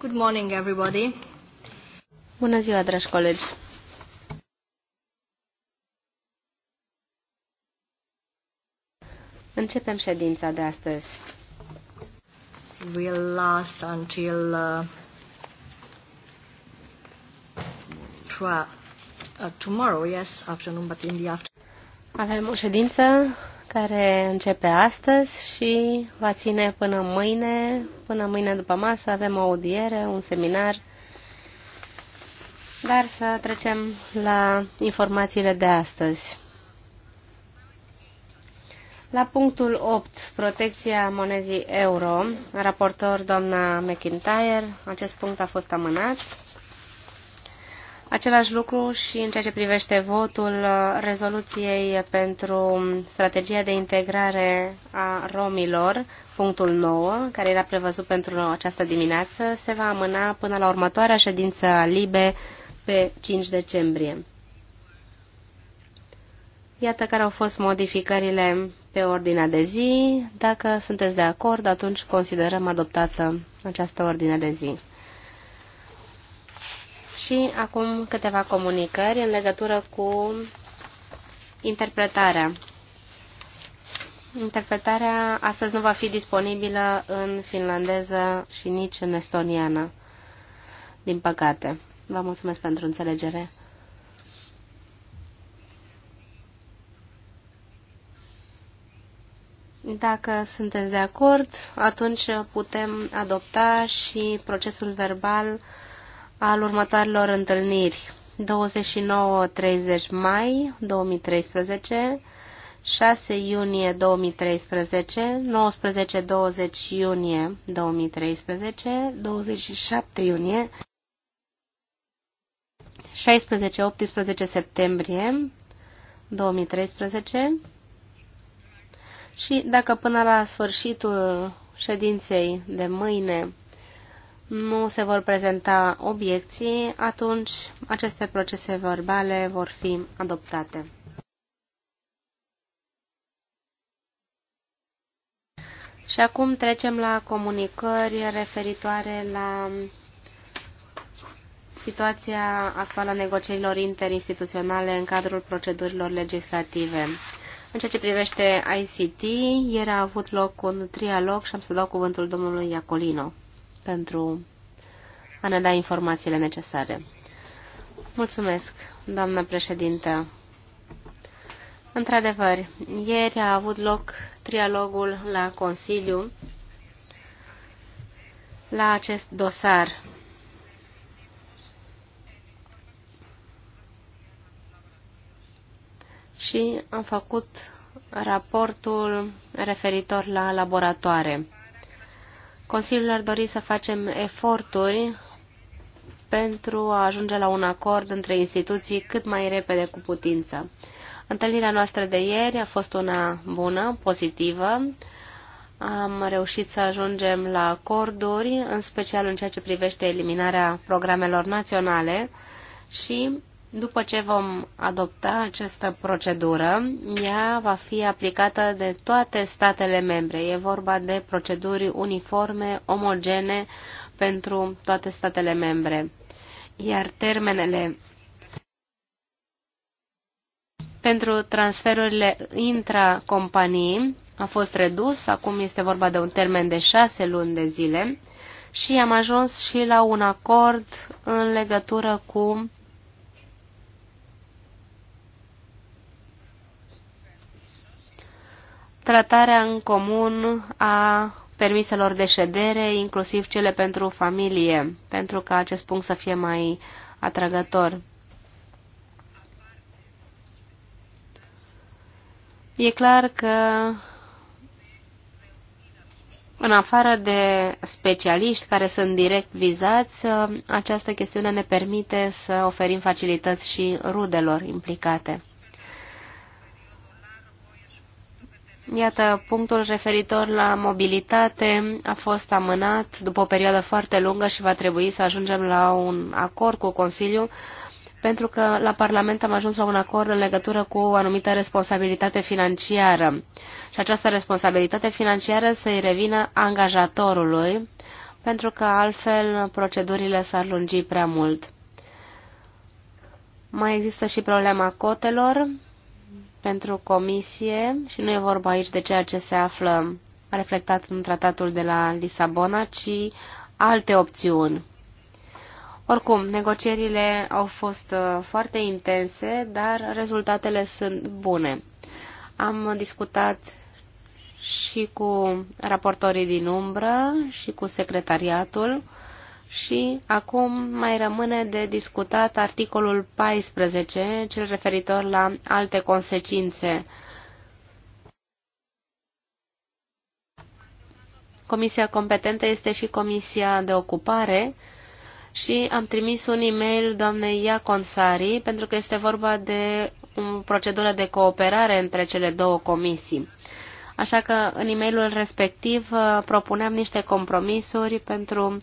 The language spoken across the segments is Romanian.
Good morning, everybody. Bună ziua, dragi colegi. Începem ședința de astăzi. Will last until uh, uh, tomorrow, yes, afternoon, but in the afternoon. Avem o ședință care începe astăzi și va ține până mâine. Până mâine după masă avem o audiere, un seminar. Dar să trecem la informațiile de astăzi. La punctul 8, protecția monezii euro, raportor doamna McIntyre, acest punct a fost amânat. Același lucru și în ceea ce privește votul uh, rezoluției pentru strategia de integrare a romilor, punctul 9, care era prevăzut pentru această dimineață, se va amâna până la următoarea ședință a LIBE pe 5 decembrie. Iată care au fost modificările pe ordinea de zi. Dacă sunteți de acord, atunci considerăm adoptată această ordine de zi. Și acum câteva comunicări în legătură cu interpretarea. Interpretarea astăzi nu va fi disponibilă în finlandeză și nici în estoniană, din păcate. Vă mulțumesc pentru înțelegere. Dacă sunteți de acord, atunci putem adopta și procesul verbal al următoarelor întâlniri. 29-30 mai 2013, 6 iunie 2013, 19-20 iunie 2013, 27 iunie, 16-18 septembrie 2013 și dacă până la sfârșitul ședinței de mâine nu se vor prezenta obiecții, atunci aceste procese verbale vor fi adoptate. Și acum trecem la comunicări referitoare la situația actuală a negocierilor interinstituționale în cadrul procedurilor legislative. În ceea ce privește ICT, ieri a avut loc un trialog și am să dau cuvântul domnului Iacolino pentru a ne da informațiile necesare. Mulțumesc, doamnă președintă. Într-adevăr, ieri a avut loc trialogul la Consiliu la acest dosar. Și am făcut raportul referitor la laboratoare. Consiliul ar dori să facem eforturi pentru a ajunge la un acord între instituții cât mai repede cu putință. Întâlnirea noastră de ieri a fost una bună, pozitivă. Am reușit să ajungem la acorduri, în special în ceea ce privește eliminarea programelor naționale și după ce vom adopta această procedură, ea va fi aplicată de toate statele membre. E vorba de proceduri uniforme, omogene pentru toate statele membre. Iar termenele pentru transferurile intra a fost redus, acum este vorba de un termen de șase luni de zile și am ajuns și la un acord în legătură cu tratarea în comun a permiselor de ședere, inclusiv cele pentru familie, pentru ca acest punct să fie mai atrăgător. E clar că în afară de specialiști care sunt direct vizați, această chestiune ne permite să oferim facilități și rudelor implicate. Iată, punctul referitor la mobilitate a fost amânat după o perioadă foarte lungă și va trebui să ajungem la un acord cu Consiliul, pentru că la Parlament am ajuns la un acord în legătură cu o anumită responsabilitate financiară. Și această responsabilitate financiară să-i revină angajatorului, pentru că altfel procedurile s-ar lungi prea mult. Mai există și problema cotelor pentru comisie și nu e vorba aici de ceea ce se află reflectat în tratatul de la Lisabona, ci alte opțiuni. Oricum, negocierile au fost uh, foarte intense, dar rezultatele sunt bune. Am discutat și cu raportorii din umbră și cu secretariatul și acum mai rămâne de discutat articolul 14, cel referitor la alte consecințe. Comisia competentă este și Comisia de Ocupare și am trimis un e-mail doamnei Iaconsari pentru că este vorba de o procedură de cooperare între cele două comisii. Așa că în e-mailul respectiv uh, propuneam niște compromisuri pentru uh,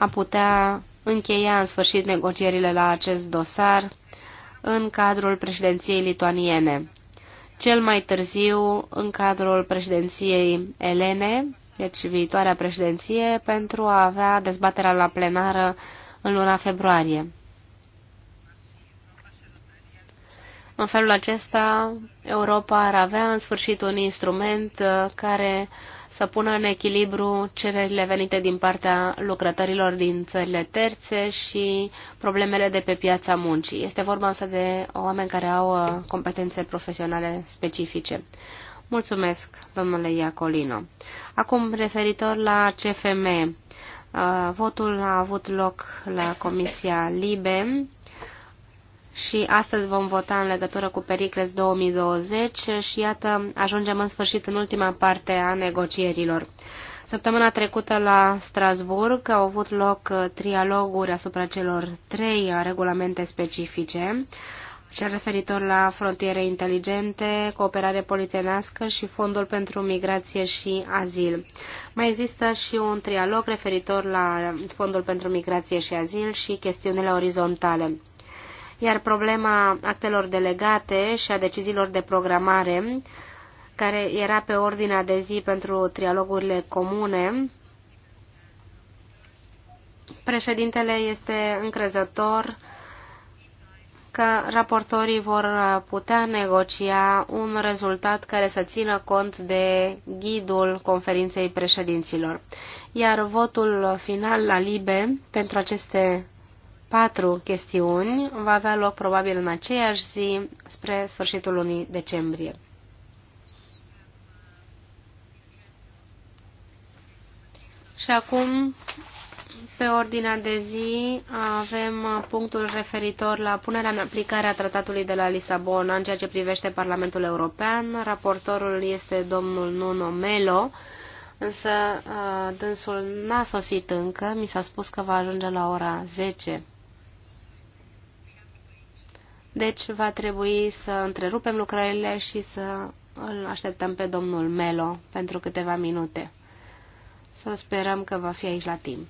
a putea încheia în sfârșit negocierile la acest dosar în cadrul președinției lituaniene, cel mai târziu în cadrul președinției elene, deci viitoarea președinție, pentru a avea dezbaterea la plenară în luna februarie. În felul acesta, Europa ar avea în sfârșit un instrument uh, care să pună în echilibru cererile venite din partea lucrătorilor din țările terțe și problemele de pe piața muncii. Este vorba însă de oameni care au uh, competențe profesionale specifice. Mulțumesc, domnule Iacolino. Acum, referitor la CFM, uh, votul a avut loc la Comisia Libem și astăzi vom vota în legătură cu Pericles 2020 și iată, ajungem în sfârșit în ultima parte a negocierilor. Săptămâna trecută la Strasburg au avut loc uh, trialoguri asupra celor trei uh, regulamente specifice, cel referitor la frontiere inteligente, cooperare polițienească și fondul pentru migrație și azil. Mai există și un trialog referitor la fondul pentru migrație și azil și chestiunile orizontale iar problema actelor delegate și a deciziilor de programare, care era pe ordinea de zi pentru trialogurile comune, președintele este încrezător că raportorii vor putea negocia un rezultat care să țină cont de ghidul conferinței președinților. Iar votul final la LIBE pentru aceste patru chestiuni va avea loc probabil în aceeași zi spre sfârșitul lunii decembrie. Și acum, pe ordinea de zi, avem punctul referitor la punerea în aplicare a tratatului de la Lisabona în ceea ce privește Parlamentul European. Raportorul este domnul Nuno Melo, însă dânsul n-a sosit încă, mi s-a spus că va ajunge la ora 10. Deci va trebui să întrerupem lucrările și să îl așteptăm pe domnul Melo pentru câteva minute. Să sperăm că va fi aici la timp.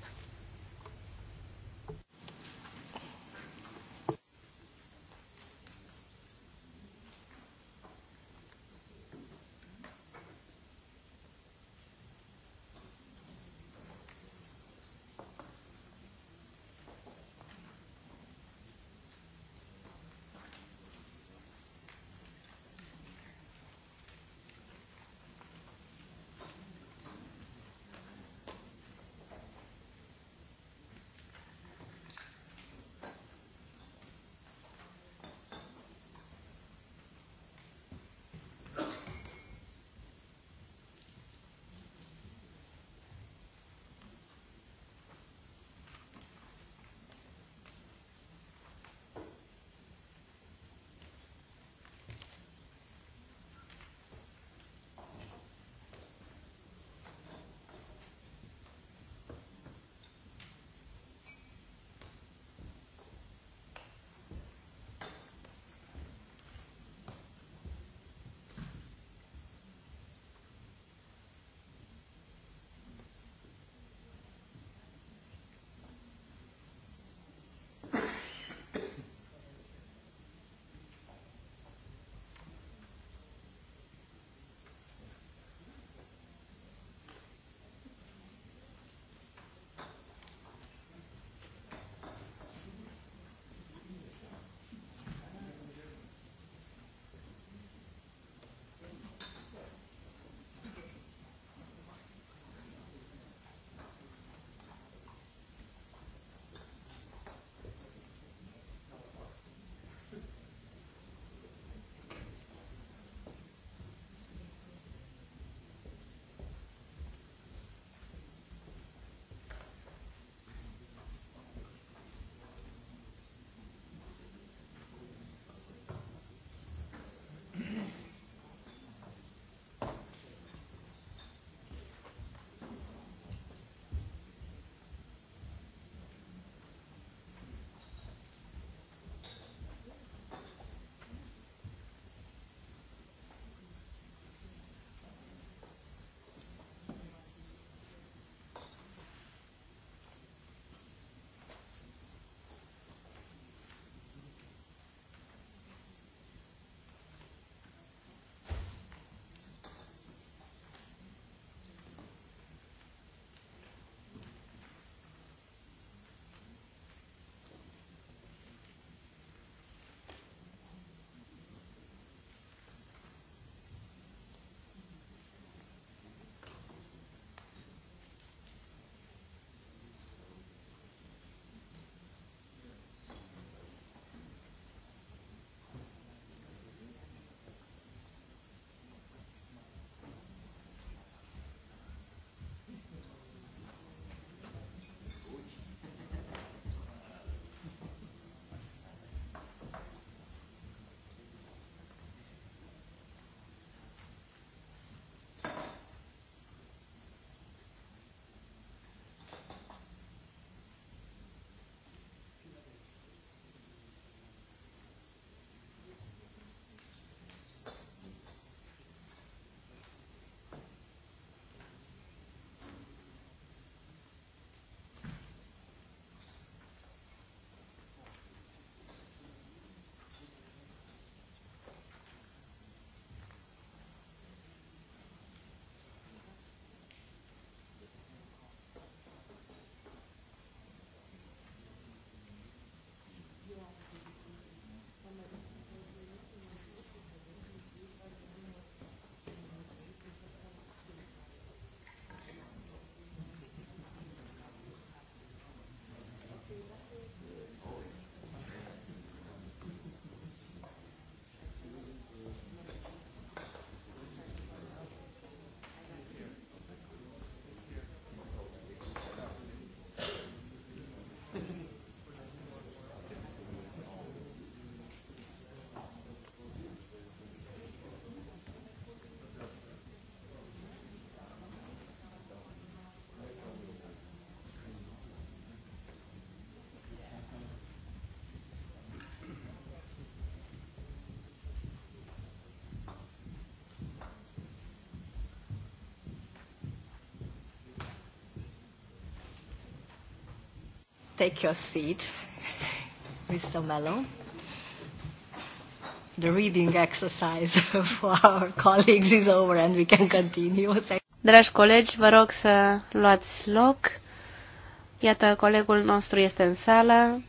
take your seat, Mr. Mello. The reading exercise for our colleagues is over and we can continue. Dragi colegi, vă rog să luați loc. Iată, colegul nostru este în sală.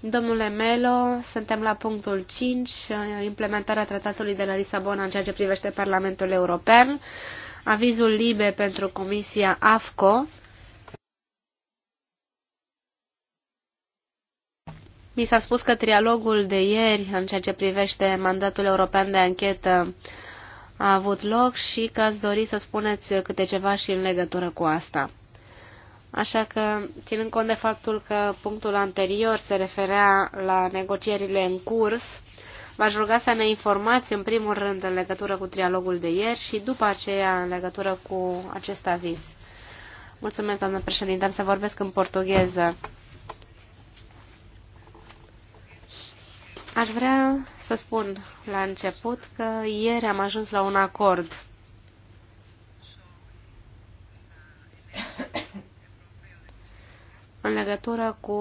Domnule Melo, suntem la punctul 5, implementarea tratatului de la Lisabona în ceea ce privește Parlamentul European, avizul liber pentru Comisia AFCO, Mi s-a spus că trialogul de ieri, în ceea ce privește mandatul european de anchetă, a avut loc și că ați dori să spuneți câte ceva și în legătură cu asta. Așa că, ținând cont de faptul că punctul anterior se referea la negocierile în curs, v-aș ruga să ne informați în primul rând în legătură cu trialogul de ieri și după aceea în legătură cu acest aviz. Mulțumesc, doamnă președinte, am să vorbesc în portugheză. Aș vrea să spun la început că ieri am ajuns la un acord. În legătură cu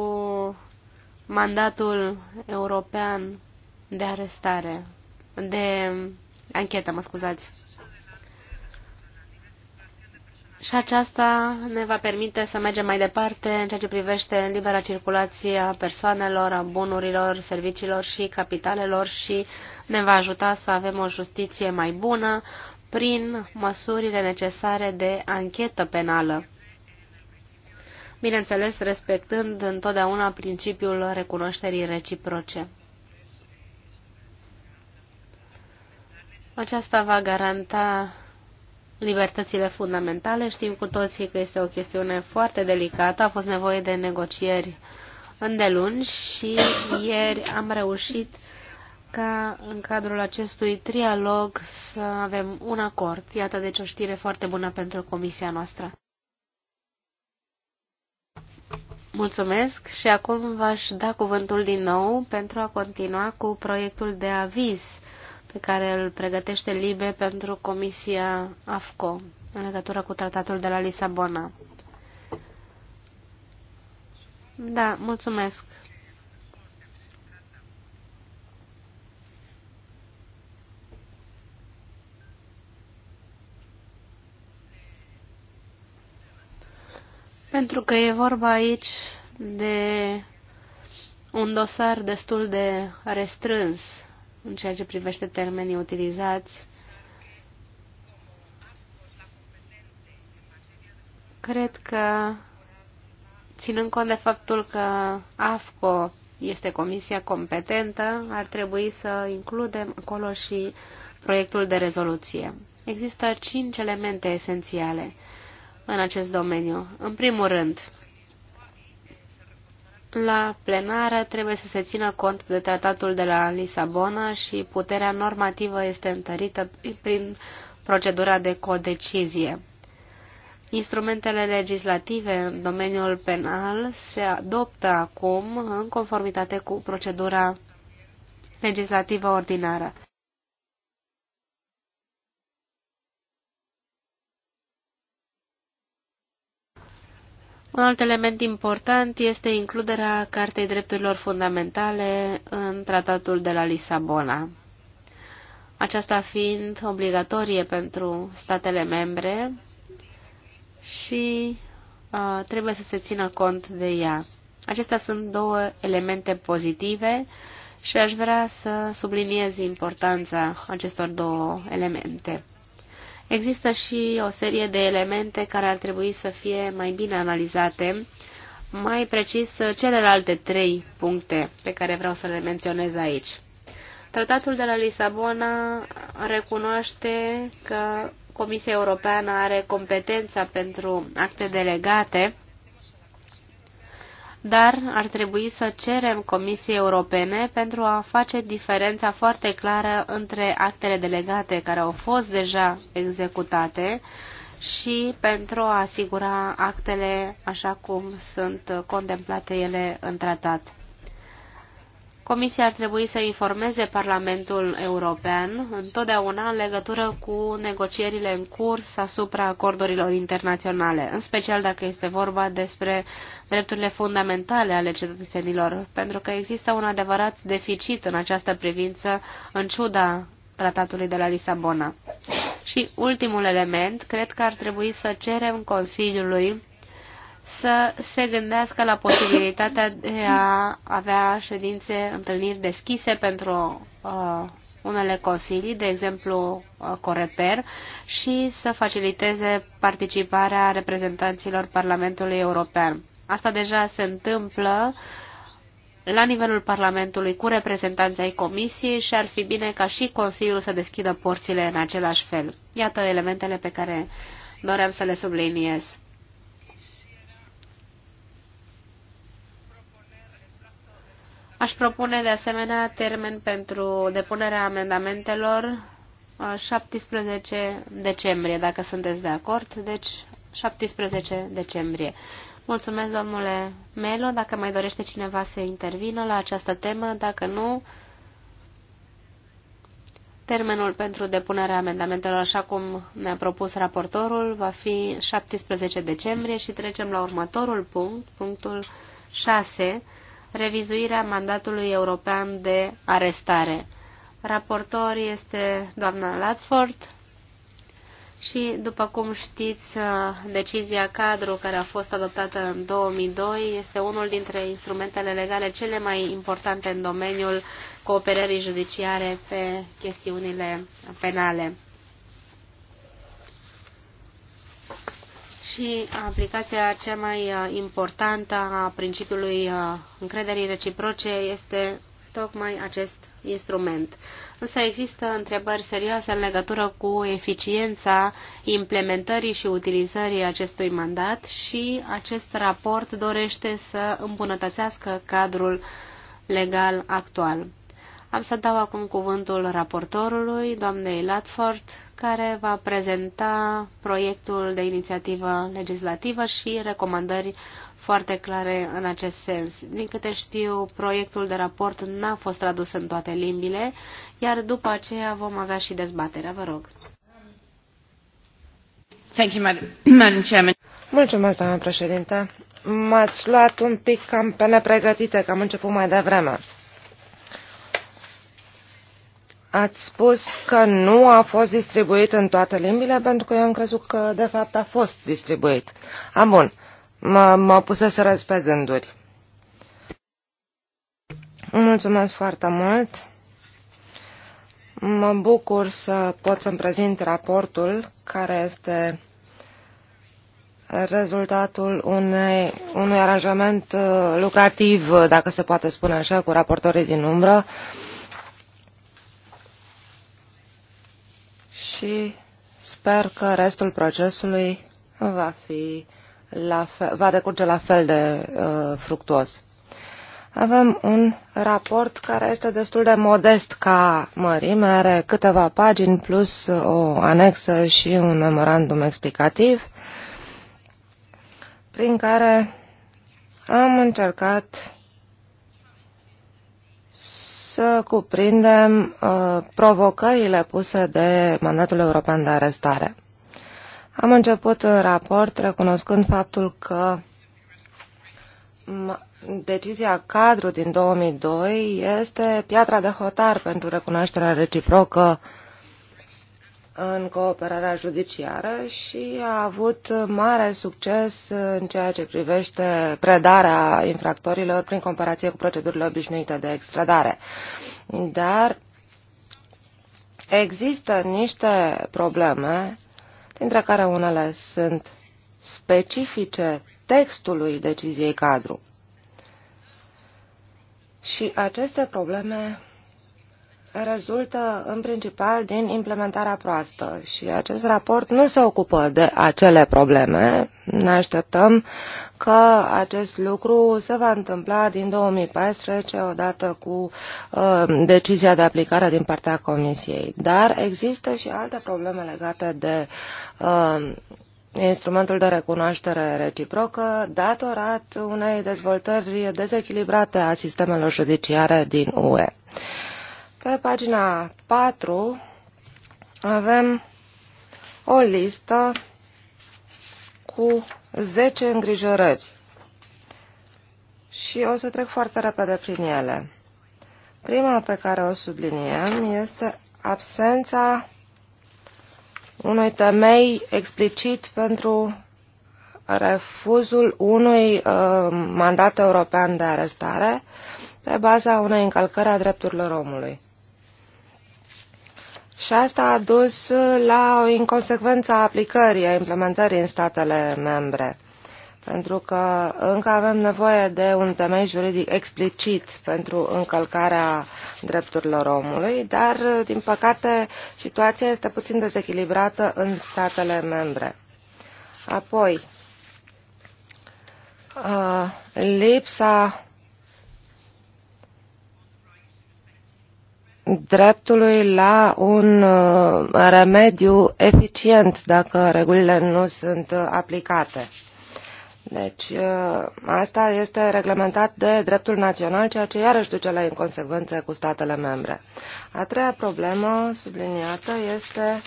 mandatul european de arestare, de anchetă, mă scuzați. Și aceasta ne va permite să mergem mai departe în ceea ce privește libera circulație a persoanelor, a bunurilor, serviciilor și capitalelor și ne va ajuta să avem o justiție mai bună prin măsurile necesare de anchetă penală. Bineînțeles, respectând întotdeauna principiul recunoașterii reciproce. Aceasta va garanta libertățile fundamentale. Știm cu toții că este o chestiune foarte delicată. A fost nevoie de negocieri îndelungi și ieri am reușit ca în cadrul acestui trialog să avem un acord. Iată deci o știre foarte bună pentru comisia noastră. Mulțumesc și acum v-aș da cuvântul din nou pentru a continua cu proiectul de aviz pe care îl pregătește LIBE pentru Comisia AFCO în legătură cu tratatul de la Lisabona. Da, mulțumesc. Pentru că e vorba aici de un dosar destul de restrâns în ceea ce privește termenii utilizați. Cred că, ținând cont de faptul că AFCO este comisia competentă, ar trebui să includem acolo și proiectul de rezoluție. Există cinci elemente esențiale în acest domeniu. În primul rând, la plenară trebuie să se țină cont de tratatul de la Lisabona și puterea normativă este întărită prin procedura de codecizie. Instrumentele legislative în domeniul penal se adoptă acum în conformitate cu procedura legislativă ordinară. Un alt element important este includerea Cartei Drepturilor Fundamentale în Tratatul de la Lisabona. Aceasta fiind obligatorie pentru statele membre și uh, trebuie să se țină cont de ea. Acestea sunt două elemente pozitive și aș vrea să subliniez importanța acestor două elemente. Există și o serie de elemente care ar trebui să fie mai bine analizate, mai precis celelalte trei puncte pe care vreau să le menționez aici. Tratatul de la Lisabona recunoaște că Comisia Europeană are competența pentru acte delegate dar ar trebui să cerem Comisiei Europene pentru a face diferența foarte clară între actele delegate care au fost deja executate și pentru a asigura actele așa cum sunt contemplate ele în tratat. Comisia ar trebui să informeze Parlamentul European întotdeauna în legătură cu negocierile în curs asupra acordurilor internaționale, în special dacă este vorba despre drepturile fundamentale ale cetățenilor, pentru că există un adevărat deficit în această privință, în ciuda tratatului de la Lisabona. Și ultimul element, cred că ar trebui să cerem Consiliului să se gândească la posibilitatea de a avea ședințe, întâlniri deschise pentru uh, unele consilii, de exemplu uh, Coreper, și să faciliteze participarea reprezentanților Parlamentului European. Asta deja se întâmplă la nivelul Parlamentului cu reprezentanții ai Comisiei și ar fi bine ca și Consiliul să deschidă porțile în același fel. Iată elementele pe care doream să le subliniez. Aș propune de asemenea termen pentru depunerea amendamentelor 17 uh, decembrie, dacă sunteți de acord, deci 17 decembrie. Mulțumesc, domnule Melo, dacă mai dorește cineva să intervină la această temă, dacă nu, termenul pentru depunerea amendamentelor, așa cum ne-a propus raportorul, va fi 17 decembrie și trecem la următorul punct, punctul 6, revizuirea mandatului european de arestare. Raportor este doamna Latford și, după cum știți, uh, decizia cadru care a fost adoptată în 2002 este unul dintre instrumentele legale cele mai importante în domeniul cooperării judiciare pe chestiunile penale. și aplicația cea mai uh, importantă a principiului uh, încrederii reciproce este tocmai acest instrument. Însă există întrebări serioase în legătură cu eficiența implementării și utilizării acestui mandat și acest raport dorește să îmbunătățească cadrul legal actual. Am să dau acum cuvântul raportorului, doamnei Latford, care va prezenta proiectul de inițiativă legislativă și recomandări foarte clare în acest sens. Din câte știu, proiectul de raport n-a fost tradus în toate limbile, iar după aceea vom avea și dezbaterea. Vă rog. Thank you, Madam Chairman. Mulțumesc, doamnă președinte. M-ați luat un pic cam pe nepregătite, că am început mai devreme. Ați spus că nu a fost distribuit în toate limbile, pentru că eu am crezut că, de fapt, a fost distribuit. Am bun, mă răz pe gânduri. Mulțumesc foarte mult. Mă bucur să pot să-mi prezint raportul, care este rezultatul unei, unui aranjament uh, lucrativ, dacă se poate spune așa, cu raportorii din umbră. și sper că restul procesului va, fi la fel, va decurge la fel de uh, fructuos. Avem un raport care este destul de modest ca mărime, are câteva pagini plus o anexă și un memorandum explicativ, prin care am încercat să cuprindem uh, provocările puse de mandatul european de arestare. Am început în raport recunoscând faptul că decizia cadru din 2002 este piatra de hotar pentru recunoașterea reciprocă uh, în cooperarea judiciară și a avut mare succes în ceea ce privește predarea infractorilor prin comparație cu procedurile obișnuite de extradare. Dar există niște probleme, dintre care unele sunt specifice textului deciziei cadru. Și aceste probleme rezultă în principal din implementarea proastă și acest raport nu se ocupă de acele probleme. Ne așteptăm că acest lucru se va întâmpla din 2014 odată cu uh, decizia de aplicare din partea Comisiei. Dar există și alte probleme legate de uh, instrumentul de recunoaștere reciprocă datorat unei dezvoltări dezechilibrate a sistemelor judiciare din UE. Uh, pe pagina 4 avem o listă cu 10 îngrijorări și o să trec foarte repede prin ele. Prima pe care o subliniem este absența unui temei explicit pentru refuzul unui uh, mandat european de arestare pe baza unei încălcări a drepturilor omului. Și asta a dus la o inconsecvență a aplicării, a implementării în statele membre. Pentru că încă avem nevoie de un temei juridic explicit pentru încălcarea drepturilor omului, dar, din păcate, situația este puțin dezechilibrată în statele membre. Apoi, lipsa dreptului la un uh, remediu eficient dacă regulile nu sunt uh, aplicate. Deci uh, asta este reglementat de dreptul național, ceea ce iarăși duce la inconsecvențe cu statele membre. A treia problemă subliniată este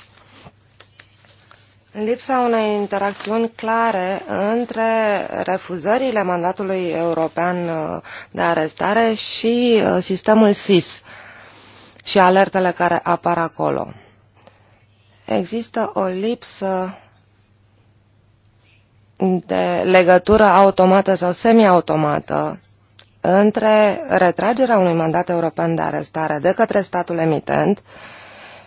lipsa unei interacțiuni clare între refuzările mandatului european de arestare și sistemul SIS și alertele care apar acolo. Există o lipsă de legătură automată sau semiautomată între retragerea unui mandat european de arestare de către statul emitent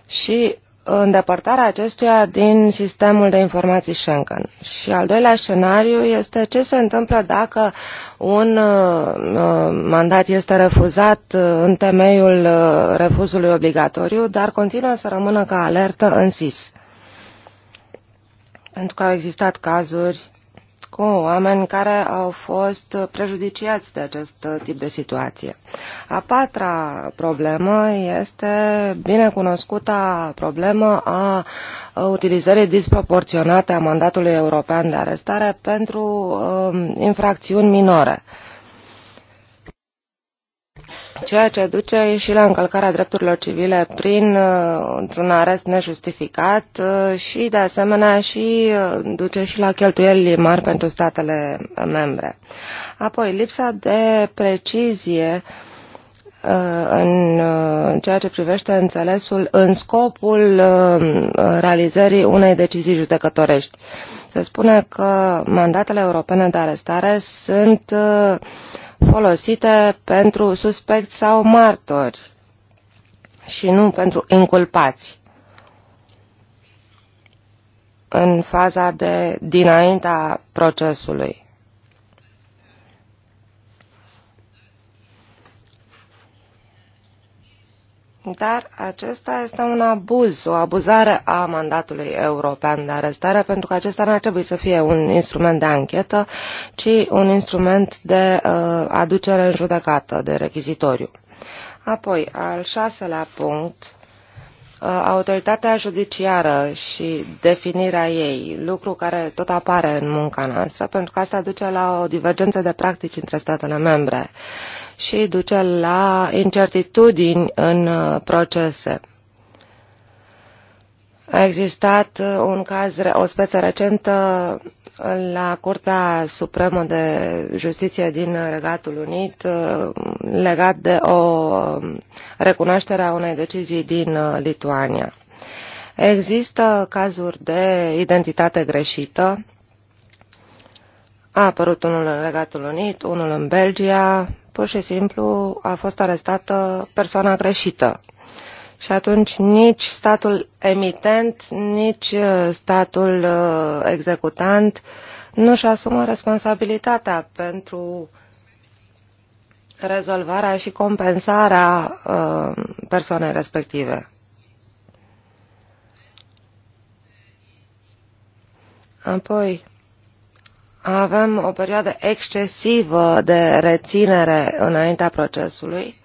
și îndepărtarea acestuia din sistemul de informații Schengen. Și al doilea scenariu este ce se întâmplă dacă un uh, uh, mandat este refuzat uh, în temeiul refuzului obligatoriu, dar continuă să rămână ca alertă în SIS. Pentru că au existat cazuri cu oameni care au fost prejudiciați de acest tip de situație. A patra problemă este binecunoscuta problemă a utilizării disproporționate a mandatului european de arestare pentru um, infracțiuni minore ceea ce duce și la încălcarea drepturilor civile prin uh, un arest nejustificat uh, și, de asemenea, și uh, duce și la cheltuieli mari pentru statele membre. Apoi, lipsa de precizie în ceea ce privește înțelesul în scopul realizării unei decizii judecătorești. Se spune că mandatele europene de arestare sunt uh, folosite pentru suspecți sau martori și nu pentru inculpați. În faza de dinaintea procesului. Dar acesta este un abuz, o abuzare a mandatului european de arestare, pentru că acesta nu ar trebui să fie un instrument de anchetă, ci un instrument de uh, aducere în judecată, de rechizitoriu. Apoi, al șaselea punct, uh, autoritatea judiciară și definirea ei, lucru care tot apare în munca noastră, pentru că asta duce la o divergență de practici între statele membre. Uh, și duce la incertitudini în uh, procese. A existat uh, un caz, o speță recentă uh, la Curtea Supremă de Justiție din Regatul Unit legat de o um, recunoaștere a unei decizii din Lituania. Există cazuri de identitate greșită. A apărut unul în Regatul Unit, unul în Belgia, pur și simplu a fost arestată persoana greșită. Și atunci nici statul emitent, nici uh, statul uh, executant nu și asumă responsabilitatea pentru rezolvarea și compensarea uh, persoanei respective. Apoi, avem o perioadă excesivă de reținere înaintea procesului.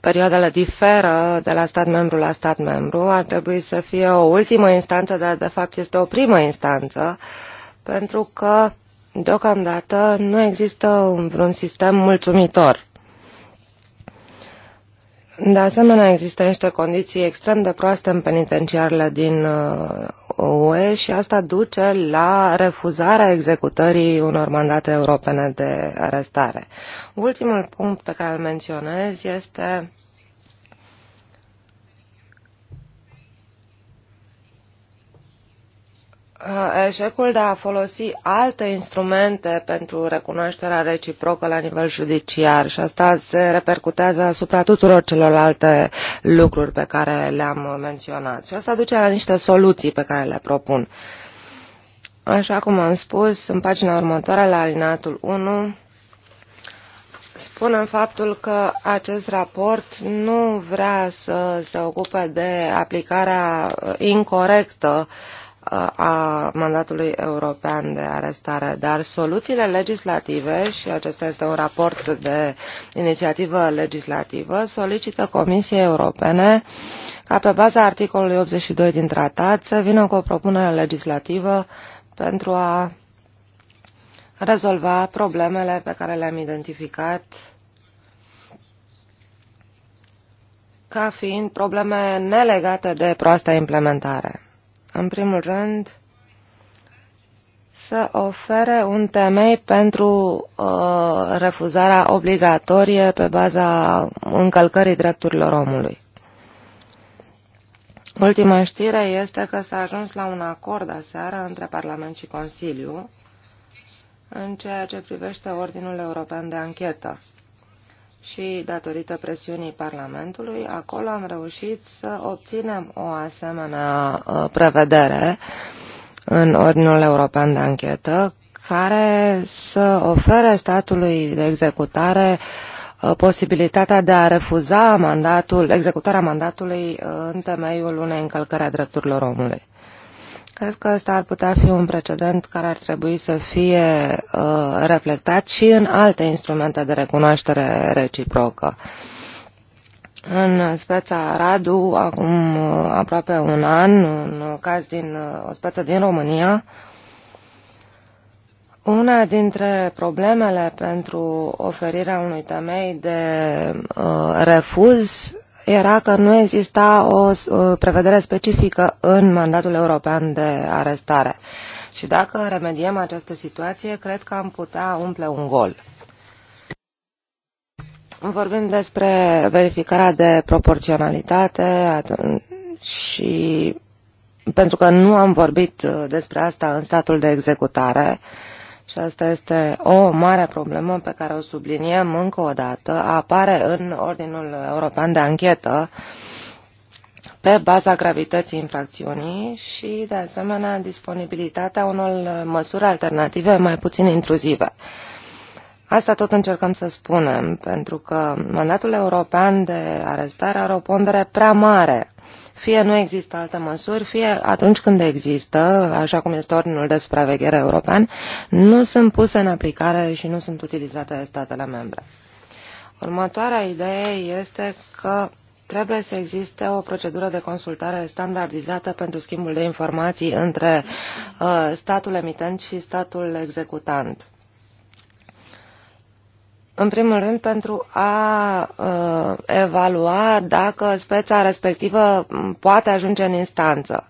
Perioadele diferă de la stat membru la stat membru. Ar trebui să fie o ultimă instanță, dar de fapt este o primă instanță, pentru că deocamdată nu există vreun sistem mulțumitor. De asemenea, există niște condiții extrem de proaste în penitenciarele din uh, UE și asta duce la refuzarea executării unor mandate europene de arestare. Ultimul punct pe care îl menționez este Uh, eșecul de a folosi alte instrumente pentru recunoașterea reciprocă la nivel judiciar și asta se repercutează asupra tuturor celorlalte lucruri pe care le-am menționat. Și asta duce la niște soluții pe care le propun. Așa cum am spus, în pagina următoare, la alinatul 1, spunem faptul că acest raport nu vrea să se ocupe de aplicarea incorrectă uh, a mandatului european de arestare, dar soluțiile legislative, și acesta este un raport de inițiativă legislativă, solicită Comisiei Europene ca pe baza articolului 82 din tratat să vină cu o propunere legislativă pentru a rezolva problemele pe care le-am identificat ca fiind probleme nelegate de proasta implementare. În primul rând, să ofere un temei pentru uh, refuzarea obligatorie pe baza încălcării drepturilor omului. Ultima știre este că s-a ajuns la un acord aseară între Parlament și Consiliu în ceea ce privește Ordinul European de Anchetă și datorită presiunii Parlamentului, acolo am reușit să obținem o asemenea uh, prevedere în Ordinul European de Anchetă care să ofere statului de executare uh, posibilitatea de a refuza mandatul, executarea mandatului uh, în temeiul unei încălcări a drepturilor omului. Cred că ăsta ar putea fi un precedent care ar trebui să fie uh, reflectat și în alte instrumente de recunoaștere reciprocă. În speța Radu, acum uh, aproape un an, un caz din uh, o speță din România, una dintre problemele pentru oferirea unui temei de uh, refuz era că nu exista o prevedere specifică în mandatul european de arestare. Și dacă remediem această situație, cred că am putea umple un gol. Vorbim despre verificarea de proporționalitate și pentru că nu am vorbit uh, despre asta în statul de executare, uh, și asta este o mare problemă pe care o subliniem încă o dată, apare în Ordinul European de Anchetă pe baza gravității infracțiunii și, de asemenea, disponibilitatea unor măsuri alternative mai puțin intruzive. Asta tot încercăm să spunem, pentru că mandatul european de arestare are o pondere prea mare fie nu există alte măsuri, fie atunci când există, așa cum este ordinul de supraveghere european, nu sunt puse în aplicare și nu sunt utilizate de statele membre. Următoarea idee este că trebuie să existe o procedură de consultare standardizată pentru schimbul de informații între uh, statul emitent și statul executant. În primul rând pentru a uh, evalua dacă speța respectivă poate ajunge în instanță.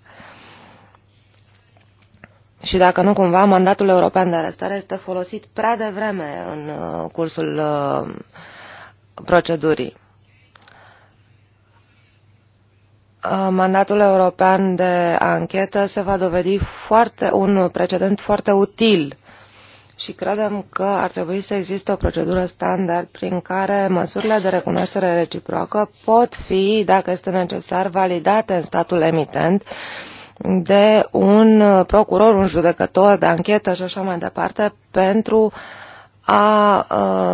Și dacă nu, cumva, mandatul european de arestare este folosit prea devreme în uh, cursul uh, procedurii. Uh, mandatul european de anchetă se va dovedi foarte, un precedent foarte util și credem că ar trebui să existe o procedură standard prin care măsurile de recunoaștere reciprocă pot fi, dacă este necesar, validate în statul emitent de un procuror, un judecător de anchetă și așa mai departe pentru a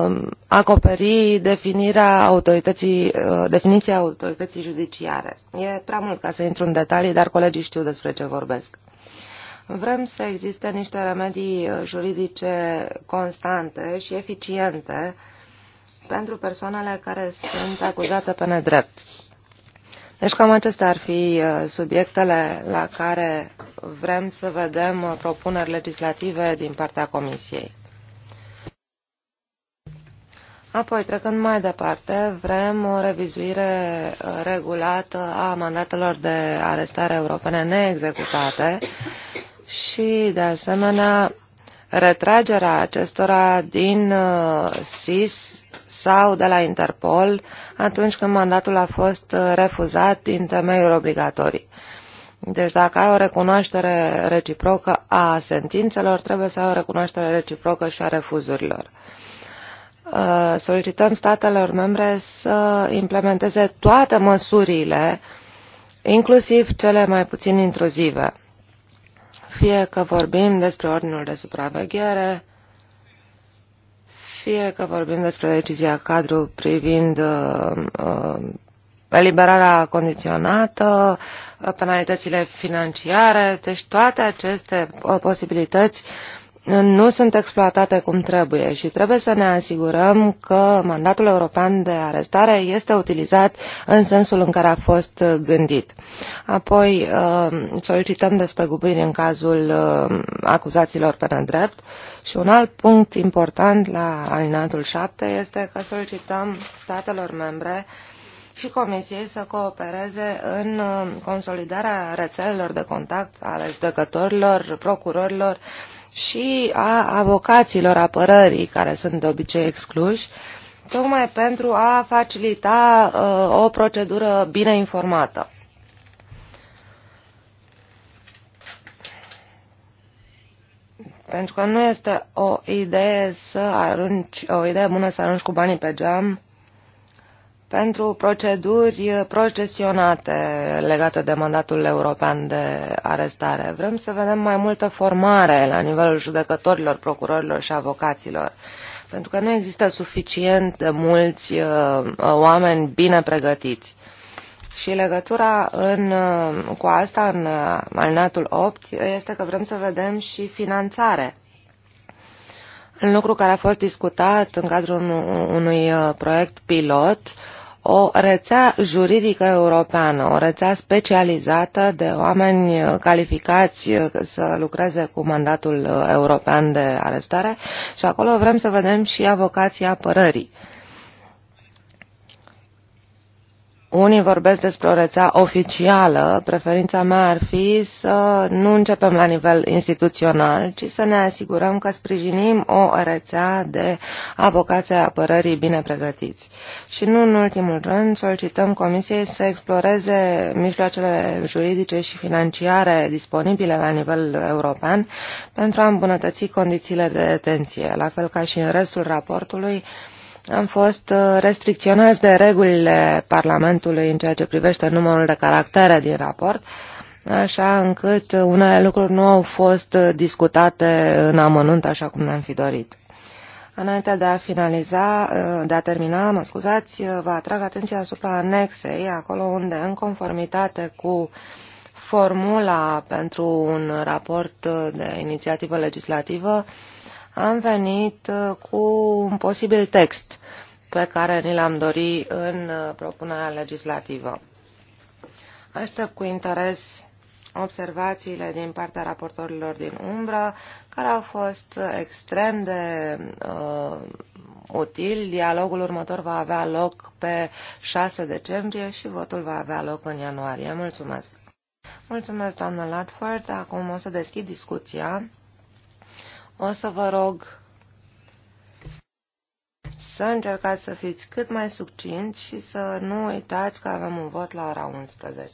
um, acoperi definirea autorității, uh, definiția autorității judiciare. E prea mult ca să intru în detalii, dar colegii știu despre ce vorbesc. Vrem să existe niște remedii uh, juridice constante și eficiente pentru persoanele care sunt acuzate pe nedrept. Deci cam acestea ar fi uh, subiectele la care vrem să vedem uh, propuneri legislative din partea Comisiei. Apoi, trecând mai departe, vrem o revizuire regulată a mandatelor de arestare europene neexecutate și, de asemenea, retragerea acestora din SIS uh, sau de la Interpol atunci când mandatul a fost uh, refuzat din temeiuri obligatorii. Deci dacă ai o recunoaștere reciprocă a sentințelor, trebuie să ai o recunoaștere reciprocă și a refuzurilor. Uh, solicităm statelor membre să implementeze toate măsurile, inclusiv cele mai puțin intruzive fie că vorbim despre ordinul de supraveghere, fie că vorbim despre decizia cadru privind uh, uh eliberarea condiționată, uh, penalitățile financiare, deci toate aceste uh, posibilități uh, nu sunt exploatate cum trebuie și trebuie să ne asigurăm că mandatul european de arestare este utilizat în sensul în care a fost gândit. Apoi uh, solicităm despăgubiri în cazul uh, acuzațiilor pe nedrept și un alt punct important la alinatul 7 este că solicităm statelor membre și Comisiei să coopereze în uh, consolidarea rețelelor de contact ale judecătorilor, procurorilor, și a avocaților apărării, care sunt de obicei excluși, tocmai pentru a facilita uh, o procedură bine informată. Pentru că nu este o idee să arunci, o idee bună să arunci cu banii pe geam pentru proceduri procesionate legate de mandatul european de arestare. Vrem să vedem mai multă formare la nivelul judecătorilor, procurorilor și avocaților, pentru că nu există suficient de mulți uh, oameni bine pregătiți. Și legătura în, uh, cu asta în uh, alinatul 8 este că vrem să vedem și finanțare un lucru care a fost discutat în cadrul unui proiect pilot o rețea juridică europeană, o rețea specializată de oameni calificați să lucreze cu mandatul european de arestare și acolo vrem să vedem și avocația apărării. Unii vorbesc despre o rețea oficială. Preferința mea ar fi să nu începem la nivel instituțional, ci să ne asigurăm că sprijinim o rețea de avocați a apărării bine pregătiți. Și nu în ultimul rând solicităm Comisiei să exploreze mijloacele juridice și financiare disponibile la nivel european pentru a îmbunătăți condițiile de detenție, la fel ca și în restul raportului, am fost uh, restricționați de regulile Parlamentului în ceea ce privește numărul de caractere din raport, așa încât uh, unele lucruri nu au fost uh, discutate în amănunt așa cum ne-am fi dorit. Înainte de a finaliza, de a termina, mă scuzați, vă atrag atenția asupra anexei, acolo unde, în conformitate cu formula pentru un raport de inițiativă legislativă, am venit uh, cu un posibil text pe care ni l-am dorit în uh, propunerea legislativă. Aștept cu interes observațiile din partea raportorilor din umbră, care au fost extrem de uh, util. Dialogul următor va avea loc pe 6 decembrie și votul va avea loc în ianuarie. Mulțumesc! Mulțumesc, doamnă Latford. Acum o să deschid discuția. O să vă rog să încercați să fiți cât mai succinți și să nu uitați că avem un vot la ora 11.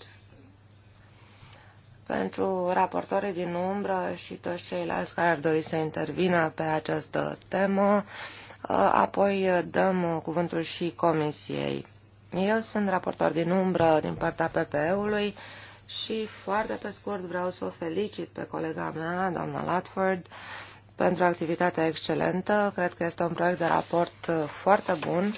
Pentru raportorii din umbră și toți ceilalți care ar dori să intervină pe această temă, ă, apoi dăm cuvântul și comisiei. Eu sunt raportor din umbră din partea PPE-ului și foarte pe scurt vreau să o felicit pe colega mea, doamna Latford, pentru activitatea excelentă. Cred că este un proiect de raport uh, foarte bun.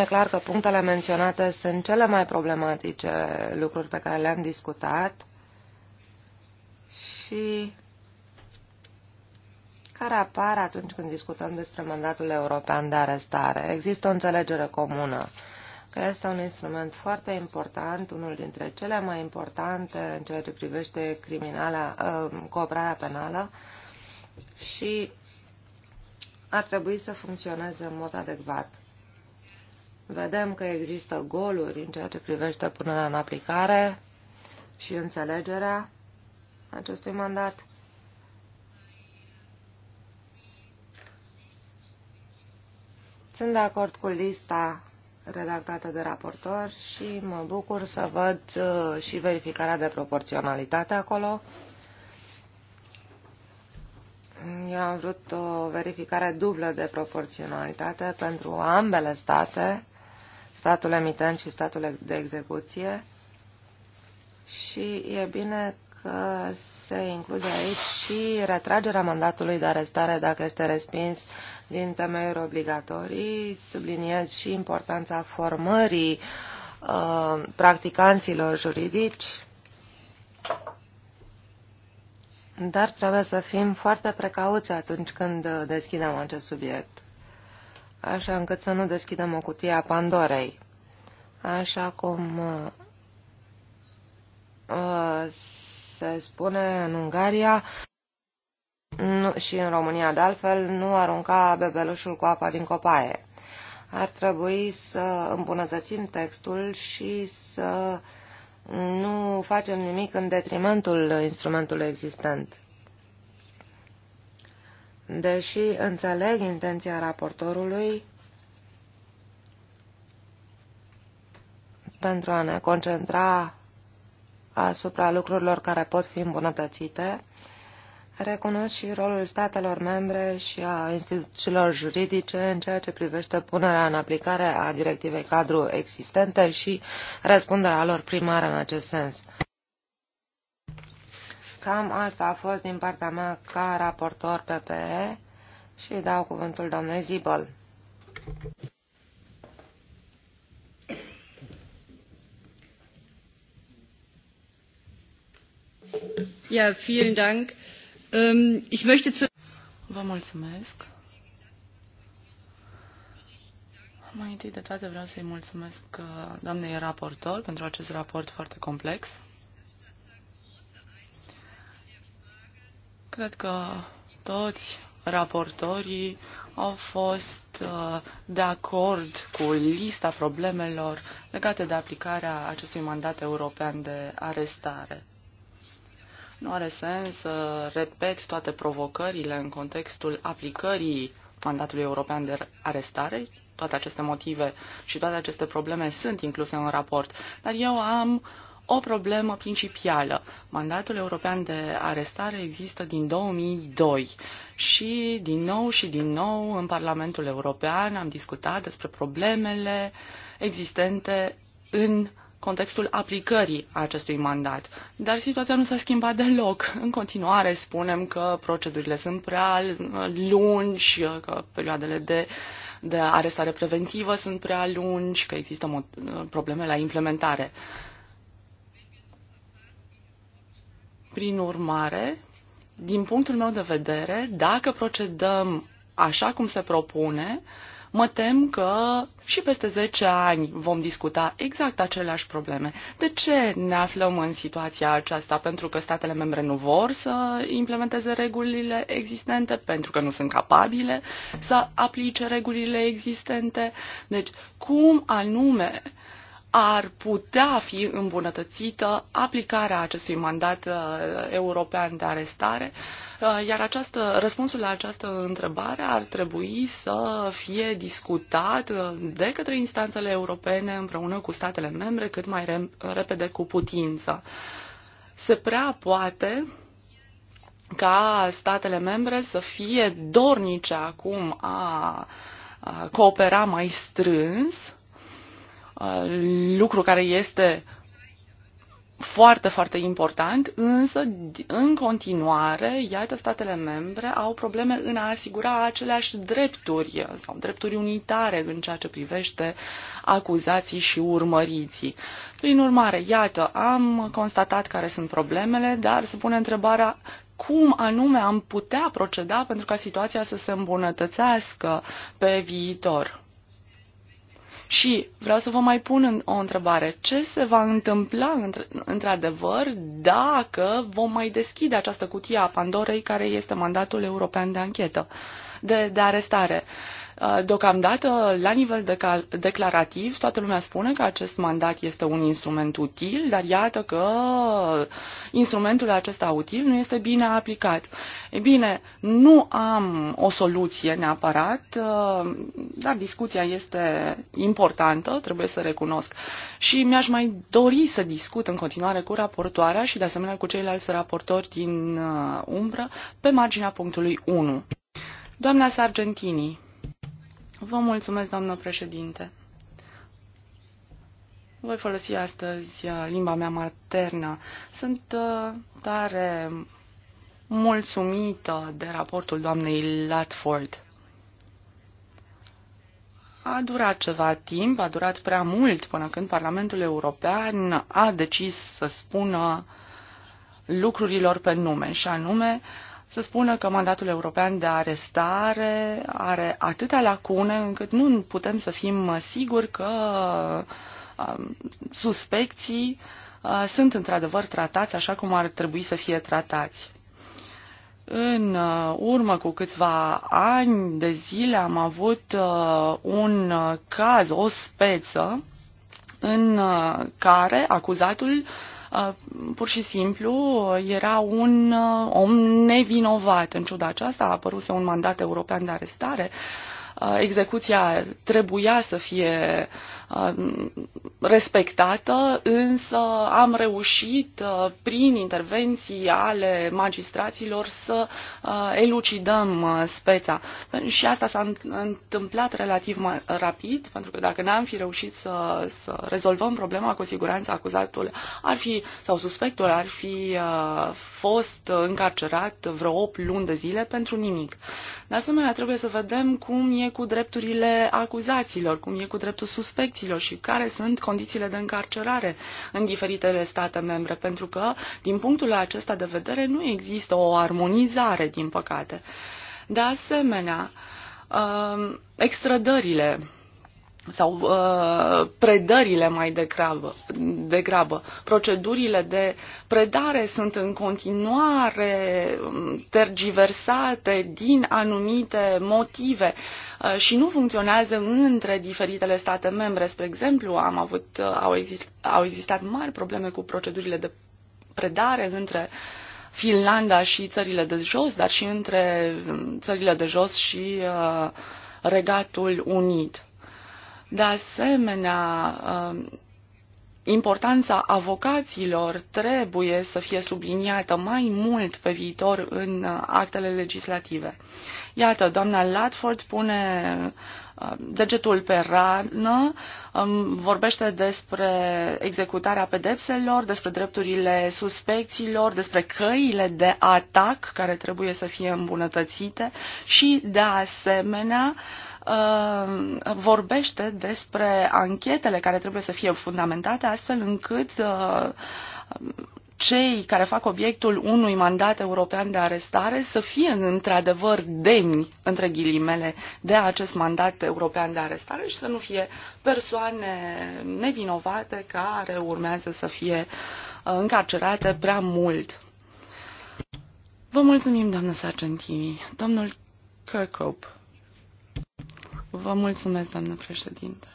E clar că punctele menționate sunt cele mai problematice lucruri pe care le-am discutat și care apar atunci când discutăm despre mandatul european de arestare. Există o înțelegere comună că este un instrument foarte important, unul dintre cele mai importante în ceea ce privește criminala, uh, cooperarea penală și ar trebui să funcționeze în mod adecvat. Vedem că există goluri în ceea ce privește punerea în aplicare și înțelegerea acestui mandat. Sunt de acord cu lista redactată de raportor și mă bucur să văd uh, și verificarea de proporționalitate acolo. Eu am vrut o verificare dublă de proporționalitate pentru ambele state, statul emitent și statul de execuție, și e bine că se include aici și retragerea mandatului de arestare dacă este respins din temeiuri obligatorii. Subliniez și importanța formării uh, practicanților juridici. Dar trebuie să fim foarte precauți atunci când deschidem acest subiect, așa încât să nu deschidem o cutie a Pandorei, așa cum uh, uh, se spune în Ungaria nu, și în România de altfel, nu arunca bebelușul cu apa din copaie. Ar trebui să îmbunătățim textul și să nu facem nimic în detrimentul instrumentului existent. Deși înțeleg intenția raportorului, pentru a ne concentra asupra lucrurilor care pot fi îmbunătățite, recunosc și rolul statelor membre și a instituțiilor juridice în ceea ce privește punerea în aplicare a directivei cadru existente și răspunderea lor primară în acest sens. Cam asta a fost din partea mea ca raportor PPE și dau cuvântul doamnei Zibel. Ja, vielen Dank. Ähm, ich möchte zu Vă mulțumesc. Mai întâi de toate vreau să-i mulțumesc uh, doamnei raportor pentru acest raport foarte complex. Cred că toți raportorii au fost uh, de acord cu lista problemelor legate de aplicarea acestui mandat european de arestare. Nu are sens să repet toate provocările în contextul aplicării mandatului european de arestare. Toate aceste motive și toate aceste probleme sunt incluse în raport. Dar eu am o problemă principială. Mandatul european de arestare există din 2002 și din nou și din nou în Parlamentul European am discutat despre problemele existente în contextul aplicării acestui mandat. Dar situația nu s-a schimbat deloc. În continuare spunem că procedurile sunt prea lungi, că perioadele de, de arestare preventivă sunt prea lungi, că există probleme la implementare. Prin urmare, din punctul meu de vedere, dacă procedăm așa cum se propune, uh, mă tem că și peste 10 ani vom discuta exact aceleași probleme. De ce ne aflăm în situația aceasta? Pentru că statele membre nu vor să implementeze regulile existente, pentru că nu sunt capabile să aplice regulile existente. Deci, cum anume ar putea fi îmbunătățită aplicarea acestui mandat uh, european de arestare, uh, iar această, răspunsul la această întrebare ar trebui să fie discutat uh, de către instanțele europene împreună cu statele membre cât mai re- repede cu putință. Se prea poate ca statele membre să fie dornice acum a coopera mai strâns Uh, lucru care este foarte, foarte important, însă, în continuare, iată, statele membre au probleme în a asigura aceleași drepturi sau drepturi unitare în ceea ce privește acuzații și urmăriții. Prin urmare, iată, am constatat care sunt problemele, dar se pune întrebarea cum anume am putea proceda pentru ca situația să se îmbunătățească pe viitor. Și vreau să vă mai pun o întrebare. Ce se va întâmpla într-adevăr dacă vom mai deschide această cutie a Pandorei care este mandatul european de anchetă? Uh, de, de arestare. Uh, deocamdată, la nivel declarativ, toată lumea spune că acest mandat este un instrument util, dar iată că instrumentul acesta util nu este bine aplicat. Ei bine, nu am o soluție neapărat, uh, dar discuția este importantă, trebuie să recunosc. Și mi-aș mai dori să discut în continuare cu raportoarea și de asemenea cu ceilalți raportori din uh, umbră pe marginea punctului 1. Doamna Sargentini. Vă mulțumesc, doamnă președinte. Voi folosi astăzi uh, limba mea maternă. Sunt uh, tare mulțumită de raportul doamnei Latford. A durat ceva timp, a durat prea mult până când Parlamentul European a decis să spună lucrurilor pe nume, și anume să spună că mandatul european de arestare are atâtea lacune încât nu putem să fim siguri că um, suspecții uh, sunt într-adevăr tratați așa cum ar trebui să fie tratați. În uh, urmă cu câțiva ani de zile am avut uh, un caz, o speță, în care acuzatul uh, pur și simplu era un om nevinovat. În ciuda aceasta a apăruse un mandat european de arestare. Execuția trebuia să fie uh, Um, respectată, însă am reușit uh, prin intervenții ale magistraților să uh, elucidăm uh, speța. Și asta s-a întâmplat relativ rapid, pentru că dacă n-am fi reușit să, să rezolvăm problema, cu siguranță acuzatul ar fi, sau suspectul ar fi fost încarcerat vreo 8 luni de zile pentru nimic. De asemenea, trebuie să vedem cum e cu drepturile acuzaților, cum e cu dreptul suspect condițiilor și care sunt condițiile de încarcerare în diferitele state membre, pentru că, din punctul acesta de vedere, nu există o armonizare, din păcate. De asemenea, um, extrădările sau uh, predările mai degrabă, degrabă. Procedurile de predare sunt în continuare um, tergiversate din anumite motive uh, și nu funcționează între diferitele state membre. Spre exemplu, am avut, uh, au, exist, au existat mari probleme cu procedurile de predare între Finlanda și țările de jos, dar și între um, țările de jos și uh, Regatul Unit. De asemenea, um, importanța avocaților trebuie să fie subliniată mai mult pe viitor în uh, actele legislative. Iată, doamna Latford pune uh, degetul pe rană, um, vorbește despre executarea pedepselor, despre drepturile suspecților, despre căile de atac care trebuie să fie îmbunătățite și, de asemenea, uh, Uh, vorbește despre anchetele care trebuie să fie fundamentate astfel încât uh, cei care fac obiectul unui mandat european de arestare să fie într-adevăr demni, între ghilimele, de acest mandat european de arestare și să nu fie persoane nevinovate care urmează să fie uh, încarcerate prea mult. Vă mulțumim, doamnă Sargentini. Domnul Kirkhope. Vă mulțumesc, doamnă președinte.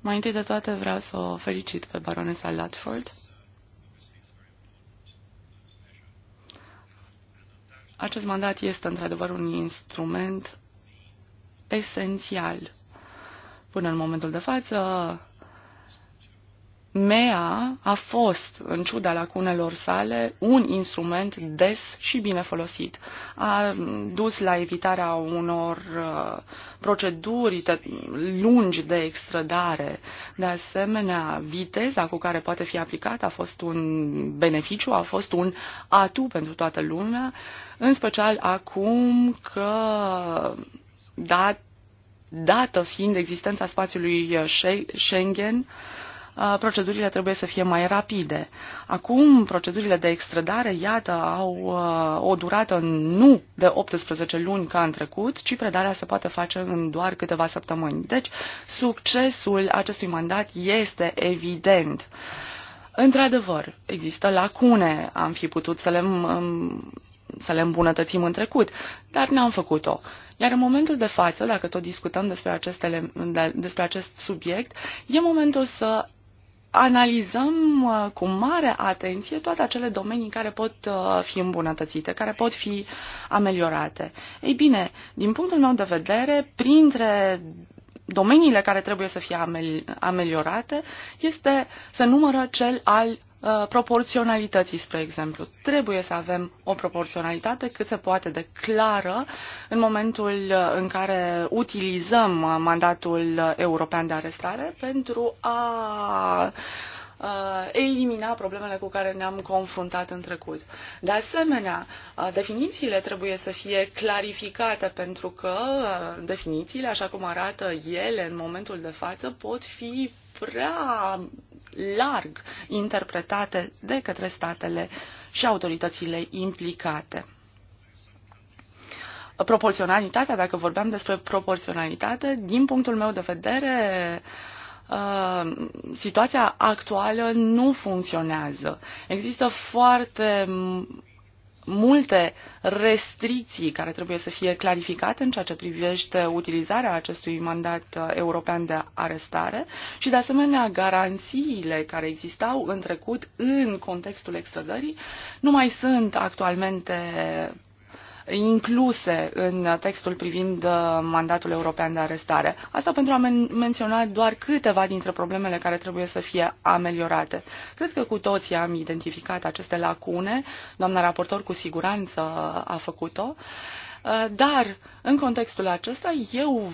Mai întâi de toate vreau să o felicit pe baronesa Latford. Acest mandat este într-adevăr un instrument esențial. Până în momentul de față, MEA a fost, în ciuda lacunelor sale, un instrument des și bine folosit. A dus la evitarea unor uh, proceduri lungi de extradare. De asemenea, viteza cu care poate fi aplicată a fost un beneficiu, a fost un atu pentru toată lumea, în special acum că dat, dată fiind existența spațiului Schengen, procedurile trebuie să fie mai rapide. Acum, procedurile de extradare, iată, au o durată nu de 18 luni ca în trecut, ci predarea se poate face în doar câteva săptămâni. Deci, succesul acestui mandat este evident. Într-adevăr, există lacune, am fi putut să le, să le îmbunătățim în trecut, dar n-am făcut-o. Iar în momentul de față, dacă tot discutăm despre acest, ele, despre acest subiect, e momentul să analizăm uh, cu mare atenție toate acele domenii care pot uh, fi îmbunătățite, care pot fi ameliorate. Ei bine, din punctul meu de vedere, printre domeniile care trebuie să fie ameliorate este, să numără cel al Uh, proporționalității, spre exemplu. Trebuie să avem o proporționalitate cât se poate de clară în momentul uh, în care utilizăm uh, mandatul european de arestare pentru a Uh, elimina problemele cu care ne-am confruntat în trecut. De asemenea, uh, definițiile trebuie să fie clarificate pentru că uh, definițiile, așa cum arată ele în momentul de față, pot fi prea larg interpretate de către statele și autoritățile implicate proporționalitatea, dacă vorbeam despre proporționalitate, din punctul meu de vedere, Uh, situația actuală nu funcționează. Există foarte multe restricții care trebuie să fie clarificate în ceea ce privește utilizarea acestui mandat uh, european de arestare și, de asemenea, garanțiile care existau în trecut în contextul extrădării nu mai sunt actualmente incluse în textul privind uh, mandatul european de arestare. Asta pentru a men- menționa doar câteva dintre problemele care trebuie să fie ameliorate. Cred că cu toții am identificat aceste lacune. Doamna raportor cu siguranță a făcut-o. Uh, dar, în contextul acesta, eu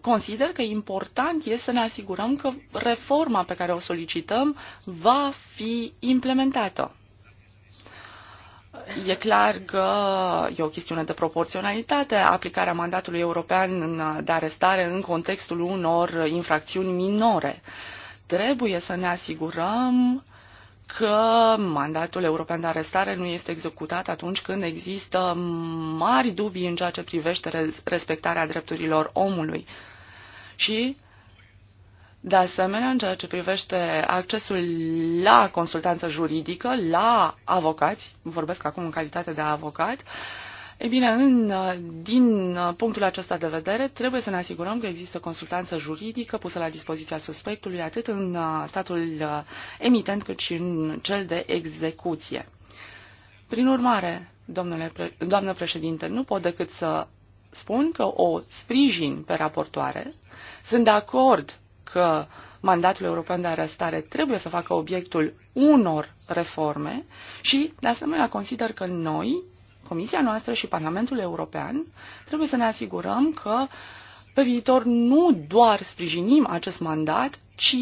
consider că important este să ne asigurăm că reforma pe care o solicităm va fi implementată e clar că e o chestiune de proporționalitate aplicarea mandatului european de arestare în contextul unor infracțiuni minore. Trebuie să ne asigurăm că mandatul european de arestare nu este executat atunci când există mari dubii în ceea ce privește respectarea drepturilor omului. Și de asemenea, în ceea ce privește accesul la consultanță juridică, la avocați, vorbesc acum în calitate de avocat, e bine, în, din punctul acesta de vedere, trebuie să ne asigurăm că există consultanță juridică pusă la dispoziția suspectului, atât în statul emitent cât și în cel de execuție. Prin urmare, domnule, doamnă președinte, nu pot decât să spun că o sprijin pe raportoare. Sunt de acord că mandatul european de arestare trebuie să facă obiectul unor reforme și, de asemenea, consider că noi, Comisia noastră și Parlamentul European, trebuie să ne asigurăm că pe viitor nu doar sprijinim acest mandat, ci